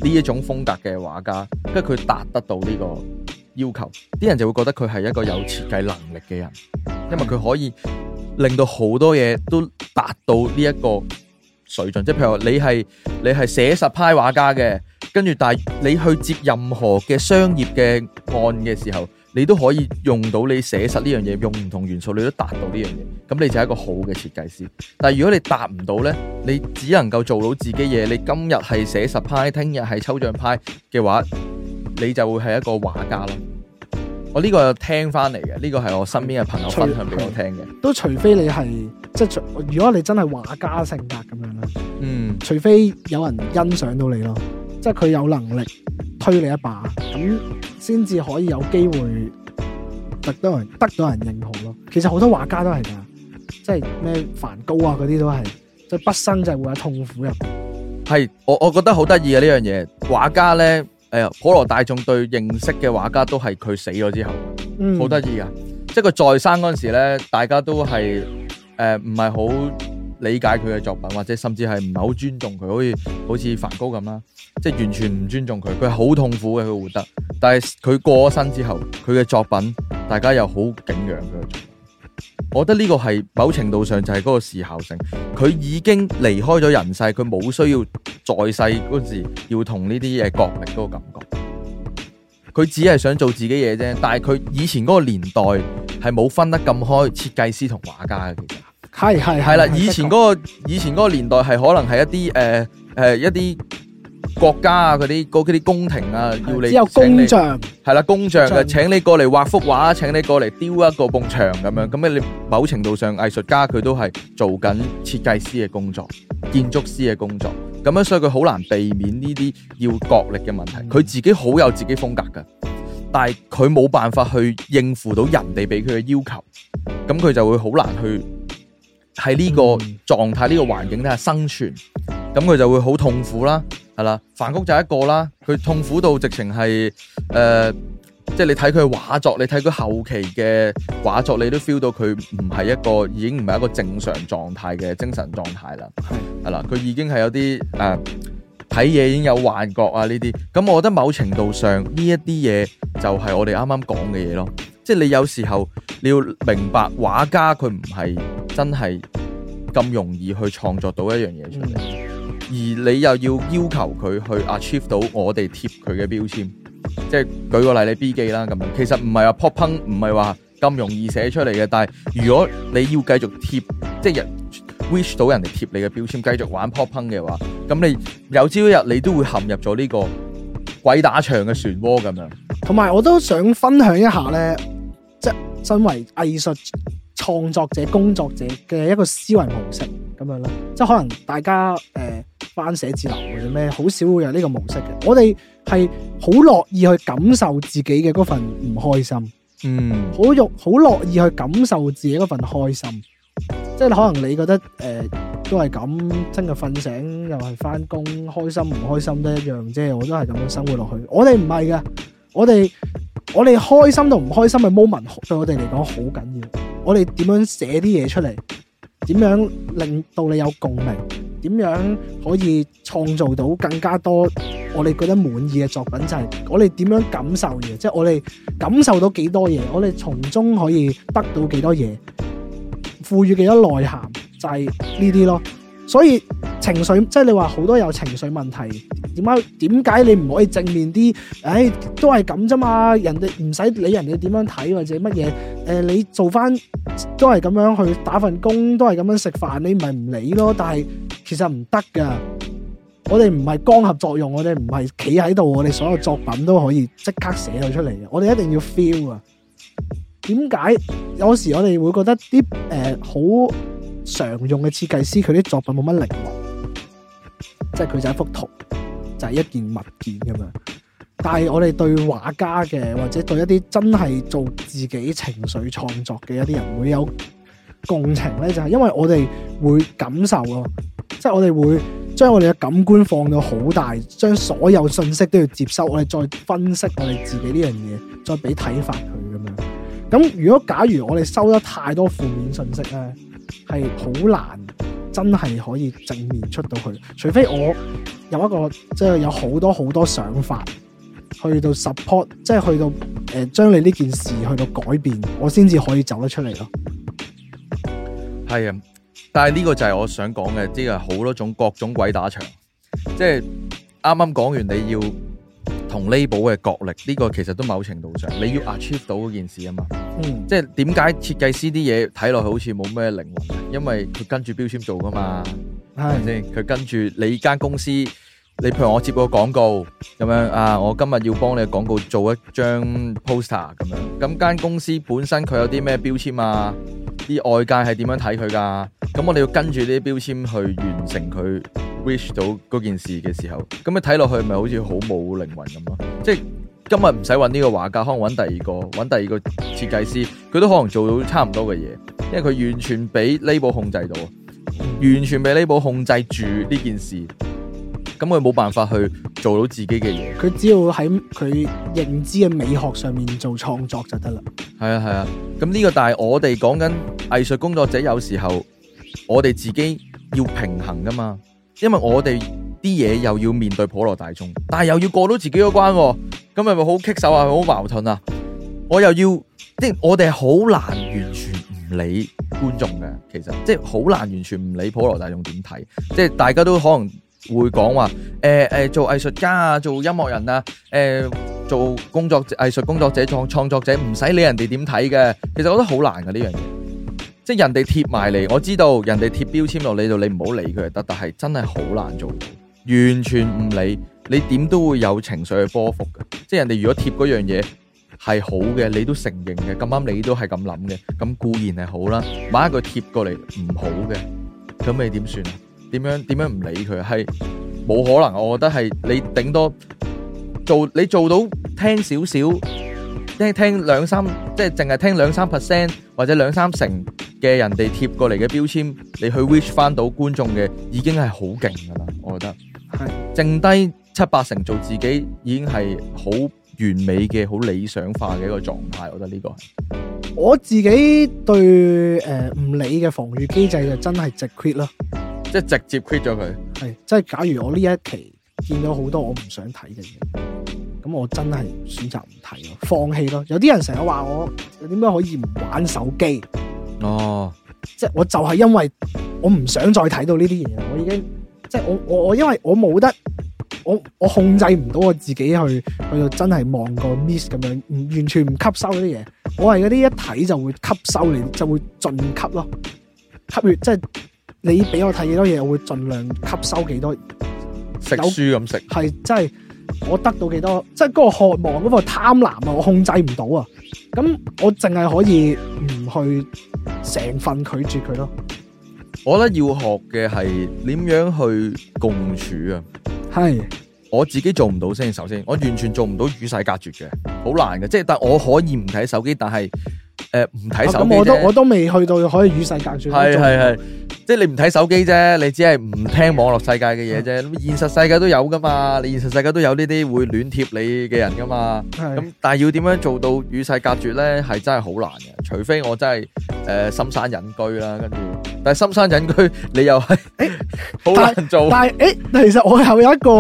呢一種風格嘅畫家，跟住佢達得到呢個要求，啲人就會覺得佢係一個有設計能力嘅人，因為佢可以令到好多嘢都達到呢一個水準。即係譬如你係你係寫實派畫家嘅，跟住但係你去接任何嘅商業嘅案嘅時候。你都可以用到你寫實呢樣嘢，用唔同元素你都達到呢樣嘢，咁你就係一個好嘅設計師。但係如果你達唔到呢，你只能夠做到自己嘢。你今日係寫實派，聽日係抽象派嘅話，你就會係一個畫家咯。我呢個聽翻嚟嘅，呢個係我身邊嘅朋友分享俾我聽嘅。都除非你係即係，如果你真係畫家性格咁樣啦，嗯，除非有人欣賞到你咯。即係佢有能力推你一把，咁先至可以有機會得到人得到人認同咯。其實好多畫家都係咁，即係咩梵高啊嗰啲都係，即係不生就會有痛苦嘅。係，我我覺得好得意嘅呢樣嘢，畫家咧，哎呀，普羅大眾對認識嘅畫家都係佢死咗之後，好得意噶，即係佢再生嗰陣時咧，大家都係誒唔係好。呃理解佢嘅作品，或者甚至係唔係好尊重佢，好似好似梵高咁啦，即係完全唔尊重佢，佢好痛苦嘅佢活得，但係佢過咗身之後，佢嘅作品大家又好景仰佢。我覺得呢個係某程度上就係嗰個時效性，佢已經離開咗人世，佢冇需要在世嗰陣時要同呢啲嘢角力嗰個感覺。佢只係想做自己嘢啫，但係佢以前嗰個年代係冇分得咁開，設計師同畫家嘅。其實。係係係啦，以前嗰、嗰個以前嗰個年代係可能係一啲誒誒一啲國家啊，嗰啲嗰啲宮廷啊，的要你有請你係啦場，工匠嘅、啊場，請你過嚟畫幅畫，請你過嚟雕一個埲牆咁樣咁。你某程度上藝術家佢都係做緊設計師嘅工作、建築師嘅工作咁樣，所以佢好難避免呢啲要角力嘅問題。佢、嗯、自己好有自己風格噶，但係佢冇辦法去應付到人哋俾佢嘅要求，咁佢就會好難去。喺呢個狀態呢個環境底下生存，咁佢就會好痛苦啦，係啦，梵谷就係一個啦，佢痛苦到直情係誒，即、呃、係、就是、你睇佢嘅畫作，你睇佢後期嘅畫作，你都 feel 到佢唔係一個已經唔係一個正常狀態嘅精神狀態啦，係啦，佢已經係有啲誒。呃睇嘢已經有幻覺啊！呢啲咁，我覺得某程度上呢一啲嘢就係我哋啱啱講嘅嘢咯。即係你有時候你要明白畫家佢唔係真係咁容易去創作到一樣嘢出嚟，嗯、而你又要要求佢去 achieve 到我哋貼佢嘅標籤。即係舉個例，你 B 記啦咁，其實唔係話 pop punk 唔係話咁容易寫出嚟嘅。但係如果你要繼續貼，即係 r e a h 到人哋貼你嘅標籤，繼續玩 popeng 嘅話，咁你有朝一日你都會陷入咗呢個鬼打牆嘅漩渦咁樣。同埋我都想分享一下咧，即係身為藝術創作者、工作者嘅一個思維模式咁樣咯。即係可能大家誒、呃、班寫字樓或者咩，好少會有呢個模式嘅。我哋係好樂意去感受自己嘅嗰份唔開心，嗯，好用好樂意去感受自己嗰份開心。即係可能你覺得誒、呃，都係咁，真嘅瞓醒又係返工，開心唔開心都一樣。即係我都係咁樣生活落去。我哋唔係㗎，我哋我哋開心同唔開心嘅 moment，對我哋嚟講好緊要。我哋點樣寫啲嘢出嚟，點樣令到你有共鳴，點樣可以創造到更加多我哋覺得滿意嘅作品，就係、是、我哋點樣感受嘢，即係我哋感受到幾多嘢，我哋從中可以得到幾多嘢，賦予幾多內涵，就係呢啲咯。所以情緒，即係你話好多有情緒問題，點解點解你唔可以正面啲？唉、哎，都係咁咋嘛，人哋唔使理人哋點樣睇或者乜嘢。誒、呃，你做翻都係咁樣去打份工，都係咁樣食飯，你咪唔理咯。但係其實唔得噶，我哋唔係光合作用，我哋唔係企喺度，我哋所有作品都可以即刻寫到出嚟嘅。我哋一定要 feel 啊！點解有時我哋會覺得啲誒好常用嘅設計師佢啲作品冇乜靈魂，即係佢就係一幅圖，就係一件物件咁樣。但係我哋對畫家嘅或者對一啲真係做自己情緒創作嘅一啲人會有共情咧，就係因為我哋會感受咯，即係我哋會將我哋嘅感官放到好大，將所有信息，都要接收，我哋再分析我哋自己呢樣嘢，再俾睇法佢。咁如果假如我哋收得太多負面信息咧，係好難真係可以正面出到去，除非我有一個即係、就是、有好多好多想法去到 support，即係去到誒、呃、將你呢件事去到改變，我先至可以走得出嚟咯。係啊，但係呢個就係我想講嘅，即係好多種各種鬼打牆，即係啱啱講完你要同 label 嘅角力呢個其實都某程度上你要 achieve 到嗰件事啊嘛，嗯，即係點解設計師啲嘢睇落去好似冇咩靈魂？因為佢跟住標籤做㗎嘛，係咪先？佢吧跟住你間公司，你譬如我接個廣告咁樣啊，我今日要幫你嘅廣告做一張 poster 咁樣，咁間公司本身佢有啲咩標籤啊？啲外界係點樣睇佢㗎？咁我哋要跟住呢啲標籤去完成佢。reach 到嗰件事嘅時候，咁你睇落去咪好似好冇靈魂咁咯？即係今日唔使揾呢個畫家，可能揾第二個，揾第二個設計師，佢都可能做到差唔多嘅嘢，因為佢完全俾 label 控制到，完全俾 label 控制住呢件事，咁佢冇辦法去做到自己嘅嘢。佢只要喺佢認知嘅美學上面做創作就得啦。係啊，係啊，咁呢、啊，這個但係我哋講緊藝術工作者，有時候我哋自己要平衡噶嘛。因為我哋啲嘢又要面對普羅大眾，但係又要過到自己嗰關，咁係咪好棘手啊？好矛盾啊！我又要即係我哋好難完全唔理觀眾嘅，其實即係好難完全唔理普羅大眾點睇，即係大家都可能會講話，誒、呃、誒、呃，做藝術家啊，做音樂人啊，誒、呃，做工作藝術工作者創創作者唔使理人哋點睇嘅，其實我覺得好難嘅呢樣嘢。人哋貼埋嚟，我知道人哋貼標籤落你度，你唔好理佢就得，但係真係好難做嘢，完全唔理，你點都會有情緒嘅波幅嘅。即係人哋如果貼嗰樣嘢係好嘅，你都承認嘅，咁啱你都係咁諗嘅，咁固然係好啦。買一個貼過嚟唔好嘅，咁你點算啊？點樣點樣唔理佢係冇可能，我覺得係你頂多做你做到聽少少，即聽聽兩三即係淨係聽兩三 percent。或者兩三成嘅人哋貼過嚟嘅標籤，你去 reach 翻到觀眾嘅，已經係好勁噶啦。我覺得，係是剩低七八成做自己，已經係好完美嘅、好理想化嘅一個狀態。我覺得呢個係我自己對誒唔、呃、理嘅防禦機制就真係直 quit 咯，即係直接 quit 咗佢。係即係，就是、假如我呢一期見到好多我唔想睇嘅嘢。我真係選擇唔睇咯，放棄咯。有啲人成日話我點解可以唔玩手機哦，即係我就係因為我唔想再睇到呢啲嘢，我已經即係、就是、我我我因為我冇得我我控制唔到我自己去去到真係望個 miss 咁樣，完全唔吸收嗰啲嘢。我係嗰啲一睇就會吸收，你就會盡吸咯，吸越即係、就是、你俾我睇幾多嘢，我會盡量吸收幾多食書咁食，係真係。我得到幾多，即係嗰個渴望，嗰個貪婪啊，我控制唔到啊，咁我淨係可以唔去成份拒絕佢咯。我覺得要學嘅係點樣去共處啊。係，我自己做唔到先，首先我完全做唔到與世隔絕嘅，好難嘅。即係但我可以唔睇手機，但係。誒，唔睇、呃、手機、啊我，我都我都未去到可以與世隔絕。係係係，即係你唔睇手機啫，你只係唔聽網絡世界嘅嘢啫。咁、嗯、現實世界都有噶嘛，你現實世界都有呢啲會亂貼你嘅人噶嘛。咁、嗯嗯、但係要點樣做到與世隔絕咧？係真係好難嘅，除非我真係誒、呃、深山隱居啦，跟住。但係深山隱居，你又係誒好難做。但係誒、欸，其實我又有一個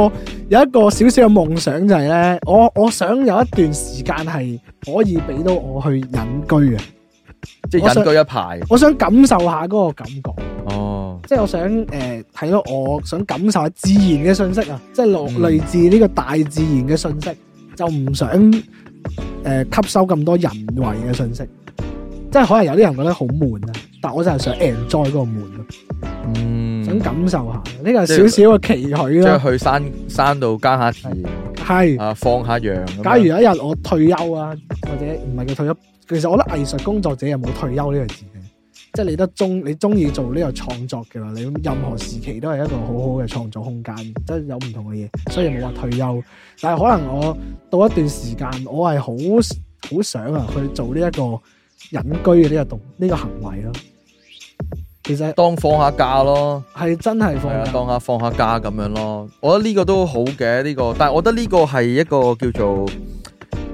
有一個小小嘅夢想，就係、是、咧，我我想有一段時間係可以俾到我去隱居嘅，即係隱居一排。我想感受下嗰個感覺。哦，即係我想誒，睇、呃、到我想感受下自然嘅信息啊，即係類似呢個大自然嘅信息，嗯、就唔想誒、呃、吸收咁多人為嘅信息。即係可能有啲人覺得好悶啊，但我就係想 enjoy 個悶咯，嗯，想感受下，呢個少少嘅期許即係去山山度耕下田，係啊，係，放下羊。假如有一日我退休啊，或者唔係叫退休，其實我覺得藝術工作者有冇退休呢個字嘅，即係你都中你中意做呢個創作嘅話，你任何時期都係一個好好嘅創作空間，即係有唔同嘅嘢，所以冇話退休，但係可能我到一段時間，我係好好想啊去做呢一個。隱居嘅呢個動，呢個行為咯，其實放當放下假咯，係真係放下放下假咁樣咯。我覺得呢個都好嘅，呢、呢個，但係我覺得呢個係一個叫做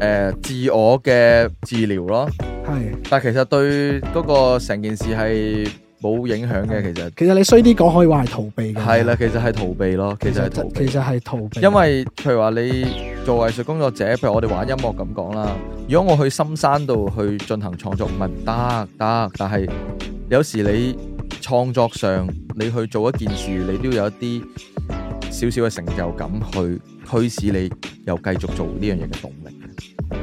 誒自、呃、我嘅治療咯。係，但係其實對嗰個成件事係。冇影響嘅，其實其實你衰啲講可以話係逃避嘅係啦，其實係逃避咯，其實係逃避。其實係逃避。因為譬如話你做藝術工作者，譬如我哋玩音樂咁講啦。如果我去深山度去進行創作，唔係唔得得，但係有時你創作上你去做一件事，你都要有一啲少少嘅成就感，去驅使你又繼續做呢樣嘢嘅動力。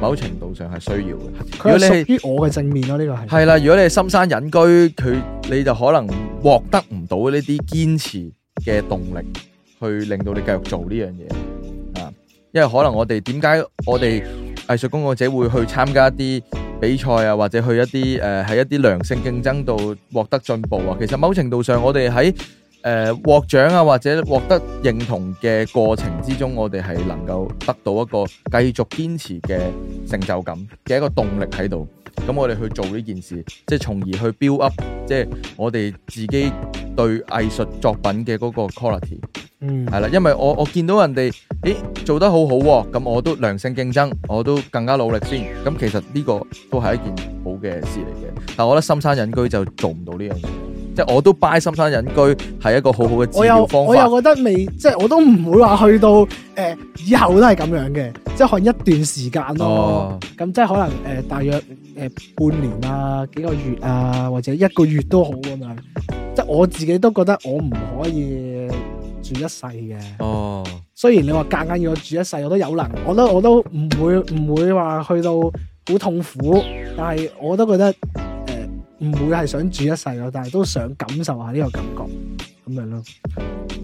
某程度上係需要嘅，如果你係屬於我嘅正面咯、啊，呢個係係啦。如果你係深山隱居，佢你就可能獲得唔到呢啲堅持嘅動力，去令到你繼續做呢樣嘢啊。嗯、因為可能我哋點解我哋藝術工作者會去參加一啲比賽啊，或者去一啲誒喺一啲良性競爭度獲得進步啊？其實某程度上我哋喺誒，獲獎、呃、啊，或者獲得認同嘅過程之中，我哋係能夠得到一個繼續堅持嘅成就感嘅一個動力喺度。咁我哋去做呢件事，即係從而去 build up，即係我哋自己對藝術作品嘅嗰個 quality。嗯，係啦，因為我我見到人哋，誒，做得好好、啊，咁我都良性競爭，我都更加努力先。咁其實呢個都係一件好嘅事嚟嘅。但我覺得深山隱居就做唔到呢樣嘢。即係我都 buy 深山隱居係一個好好嘅治療方法我又我又覺得未，即係我都唔會話去到誒、呃、以後都係咁樣嘅，即係可能一段時間咯。咁、哦、即係可能誒、呃，大約誒半年啊，幾個月啊，或者一個月都好咁樣。即係我自己都覺得我唔可以住一世嘅。哦，雖然你話夾硬要我住一世，我都有能。我都我都唔會唔會話去到好痛苦，但係我都覺得。唔會係想住一世咯，但係都想感受下呢個感覺，咁樣咯。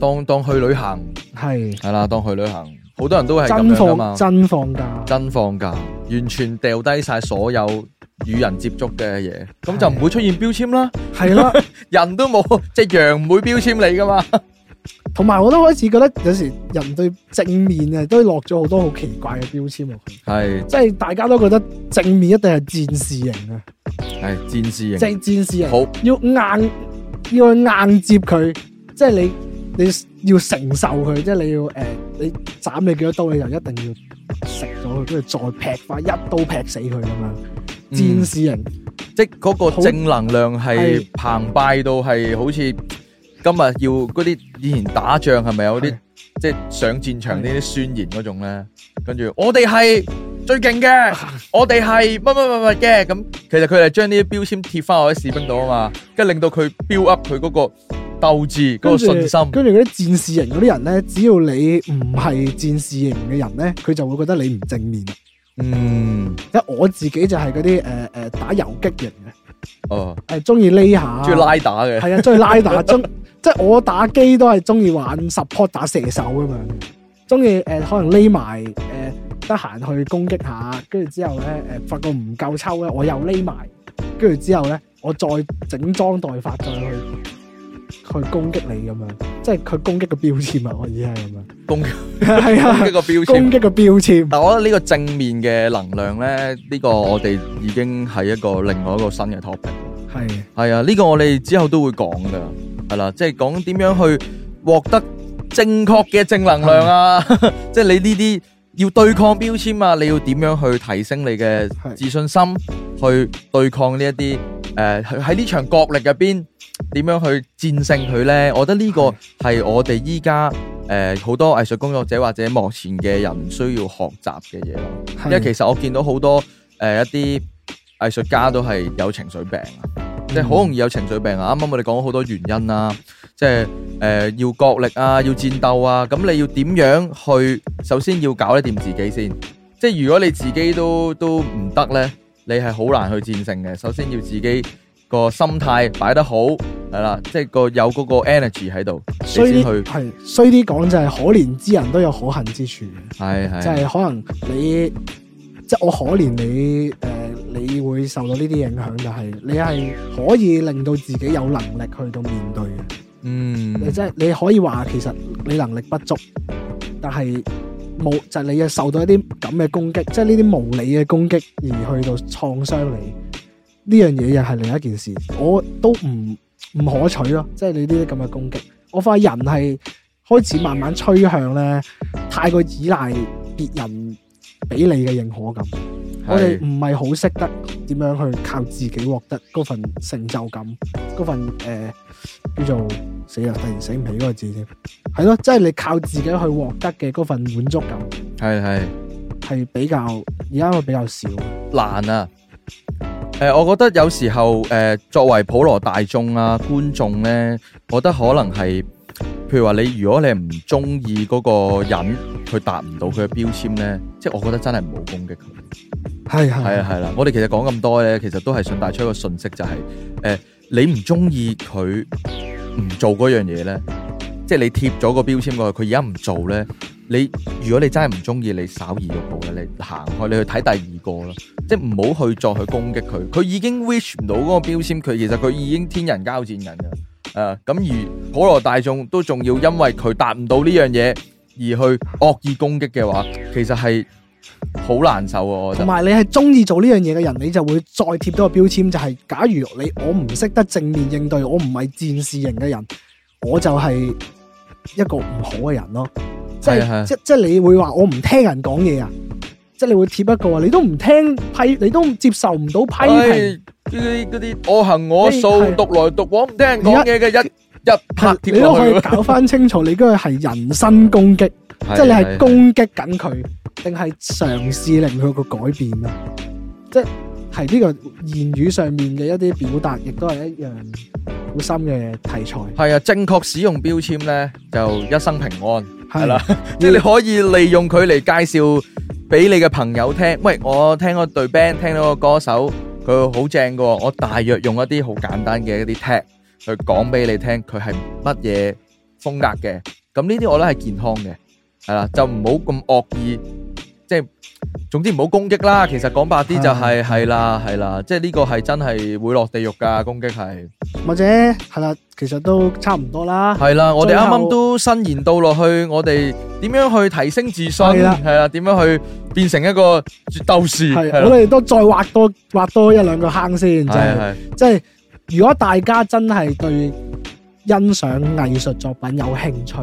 當當去旅行係係啦，當去旅行，好的多人都係咁樣噶嘛。真放假，真放假，完全掉低晒所有與人接觸嘅嘢，咁的就唔會出現標籤啦。係啦的， 人都冇即係羊唔會標籤你噶嘛。同埋我都開始覺得有時人對正面嘅都落咗好多好奇怪嘅標籤，係是即係大家都覺得正面一定係戰士型啊，係戰士型，即係戰士型，好要硬要去硬接佢，即係你你要承受佢，即係你要誒、呃、你斬你幾多刀，你就一定要食咗佢，跟住再劈翻一刀劈死佢咁樣，戰士型，嗯、即係嗰個正能量係澎湃到係好似。今日要嗰啲以前打仗係咪有啲的即係上戰場呢啲宣言嗰種咧？的跟住我哋係最勁嘅， 我哋係乜乜乜乜嘅。咁其實佢係將呢啲標籤貼翻我啲士兵度啊嘛，跟住的令到佢 build up 佢嗰個鬥志、嗰、嗰個信心。跟住嗰啲戰士型嗰啲人咧，只要你唔係戰士型嘅人咧，佢就會覺得你唔正面。嗯，即係我自己就係嗰啲誒誒打遊擊嘅。哦，係中意匿下，中意拉打嘅， 係啊，中意拉打，中 即係我打機都係中意玩十 p 打射手咁樣，中意誒可能匿埋誒得閒去攻擊下，跟住之後咧誒發個唔夠抽咧，我又匿埋，跟住之後咧我再整裝待發再去。去攻擊你咁樣，即係佢攻擊個標籤啊！我已經係咁樣，攻擊係啊，攻擊個標籤，攻擊個標籤。但我覺得呢個正面嘅能量咧，呢個我哋已經係一個另外一個新嘅 topic。係係啊，呢個我哋之後都會講噶，係啦，即係講點樣去獲得正確嘅正能量啊！即係的 你呢啲。要對抗標籤啊！你要點樣去提升你嘅自信心，是去對抗呢一啲誒喺呢場角力入邊，點樣去戰勝佢呢？我覺得呢個係我哋依家誒好多藝術工作者或者幕前嘅人需要學習嘅嘢咯。是因為其實我見到好多誒、呃、一啲藝術家都係有情緒病啊，即係好容易有情緒病啊。啱啱我哋講咗好多原因啦。即係誒、呃，要角力啊，要戰鬥啊，咁你要點樣去？首先要搞得掂自己先。即係如果你自己都都唔得咧，你係好難去戰勝嘅。首先要自己個心態擺得好係啦，即係個有嗰個 energy 喺度，你先去。衰啲係衰啲講就係可憐之人都有可恨之處嘅，係，係就係可能你即係、就是、我可憐你誒、呃，你會受到呢啲影響，就係你係可以令到自己有能力去到面對嘅。嗯，你即係你可以話其實你能力不足，但係冇就係、是、你啊受到一啲咁嘅攻擊，即係呢啲無理嘅攻擊而去到創傷你呢樣嘢又係另一件事，我都唔唔可取咯，即係你呢啲咁嘅攻擊，我發現人係開始慢慢趨向咧太過依賴別人俾你嘅認可感。是我哋唔係好識得點樣去靠自己獲得嗰份成就感，嗰份誒、呃、叫做死呀突然醒唔起嗰個字添。係咯，即係你靠自己去獲得嘅嗰份滿足感，係係係比較而家會比較少難啊！誒、呃，我覺得有時候誒、呃，作為普羅大眾啊觀眾咧，我覺得可能係。譬如話，你如果你唔中意嗰個人，佢達唔到佢嘅標籤咧，即係我覺得真係唔好攻擊佢。係係係啦，我哋其實講咁多咧，其實都係想帶出一個信息，就是，就係誒，你唔中意佢唔做嗰樣嘢咧，即係你貼咗個標籤過去，佢而家唔做咧，你如果你真係唔中意，你稍而欲步咧，你行開，你去睇第二個啦，即係唔好去再去攻擊佢，佢已經 reach 唔到嗰個標籤，佢其實佢已經天人交戰緊噶。誒，咁、uh, 而普羅大眾都仲要因為佢達唔到呢樣嘢而去惡意攻擊嘅話，其實係好難受喎。同埋你係中意做呢樣嘢嘅人，你就會再貼多個標籤，就係，就係假如你我唔識得正面應對，我唔係戰士型嘅人，我就係一個唔好嘅人咯。即係是是 即即係是是 你會我話我唔聽人講嘢啊？即係你會貼一個啊，你都唔聽批，你都接受唔到批評。嗰啲嗰啲我行我素，獨嘿來獨往，唔聽人講嘢嘅一在一,一拍，你都可以搞翻清楚。你嗰個係人身攻擊，即係你係攻擊緊佢，定係嘗試令佢個改變啊？即係呢個言語上面嘅一啲表達，亦都係一樣好深嘅題材。係啊，正確使用標籤咧，就一生平安。 係啦，即係你可以利用佢嚟介紹俾你嘅朋友聽。喂，我聽嗰對 band，聽到個歌手佢好正㗎。我大約用一啲好簡單嘅一啲 tag 去講俾你聽，佢係乜嘢風格嘅。咁呢啲我覺得係健康嘅，係啦，就唔好咁惡意。即係，總之唔好攻擊啦。其實講白啲就係，係啦，係啦。即係呢個係真係會落地獄噶攻擊係，或者係啦，其實都差唔多啦。係啦，我哋啱啱都伸延到落去，我哋點樣去提升自信啦？係啦，點樣去變成一個決鬥士？係，我哋都再挖多挖多一兩個坑先。即係，即係，如果大家真係對欣賞藝術作品有興趣。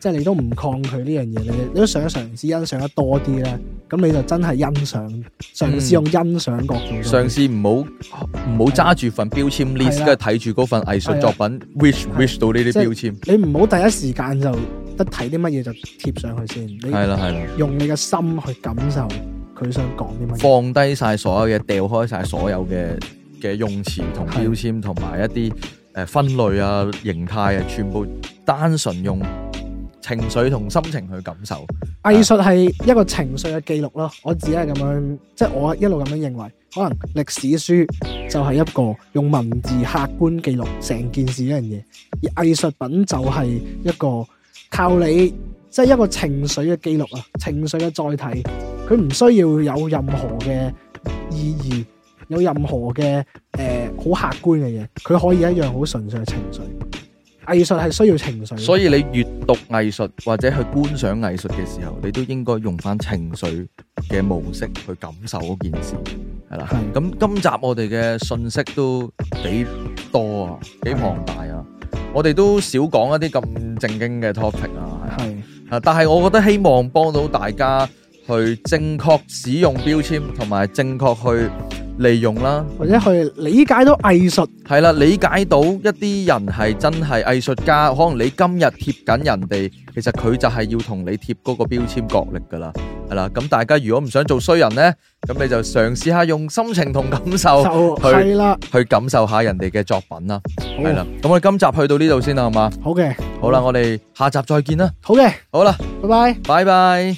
即係你都唔抗拒呢樣嘢，你都想嘗試欣賞得多啲咧，咁你就真係欣賞，嘗試用欣賞角度、嗯。嘗試唔好唔好揸住份標籤 list，跟住睇住嗰份藝術作品，which wish 到呢啲標籤。就是，你唔好第一時間就得睇啲乜嘢就貼上去先。係啦係啦。你用你嘅心去感受佢想講啲乜嘢。放低晒所有嘅，掉開晒所有嘅嘅用詞同標籤，同埋的一啲誒分類啊、形態啊，全部單純用，情緒同心情去感受，藝術係一個情緒嘅記錄咯。我自己係咁樣，即係我一路咁樣認為，可能歷史書就係一個用文字客觀記錄成件事一樣嘢，而藝術品就係一個靠你，即係一個情緒嘅記錄啊，情緒嘅載體，佢唔需要有任何嘅意義，有任何嘅誒好客觀嘅嘢，佢可以一樣好純粹嘅情緒。藝術係需要情緒，所以你閱讀藝術或者去觀賞藝術嘅時候，你都應該用翻情緒嘅模式去感受嗰件事，係啦。咁的今集我哋嘅信息都幾多啊，幾龐大啊，的我哋都少講一啲咁正經嘅 topic 啊，係，的但係我覺得希望幫到大家去正確使用標籤，同埋正確去。利用啦，或者去理解到藝術係啦，理解到一啲人係真係藝術家，可能你今日貼緊人哋，其實佢就係要同你貼嗰個標籤角力噶啦，係啦。咁大家如果唔想做衰人咧，咁你就嘗試下用心情同感受係啦，去感受下人哋嘅作品啦，係啦。咁我哋今集去到呢度先啦，係嘛？好嘅，好啦，我哋下集再見啦。好嘅，好啦，拜拜，拜拜。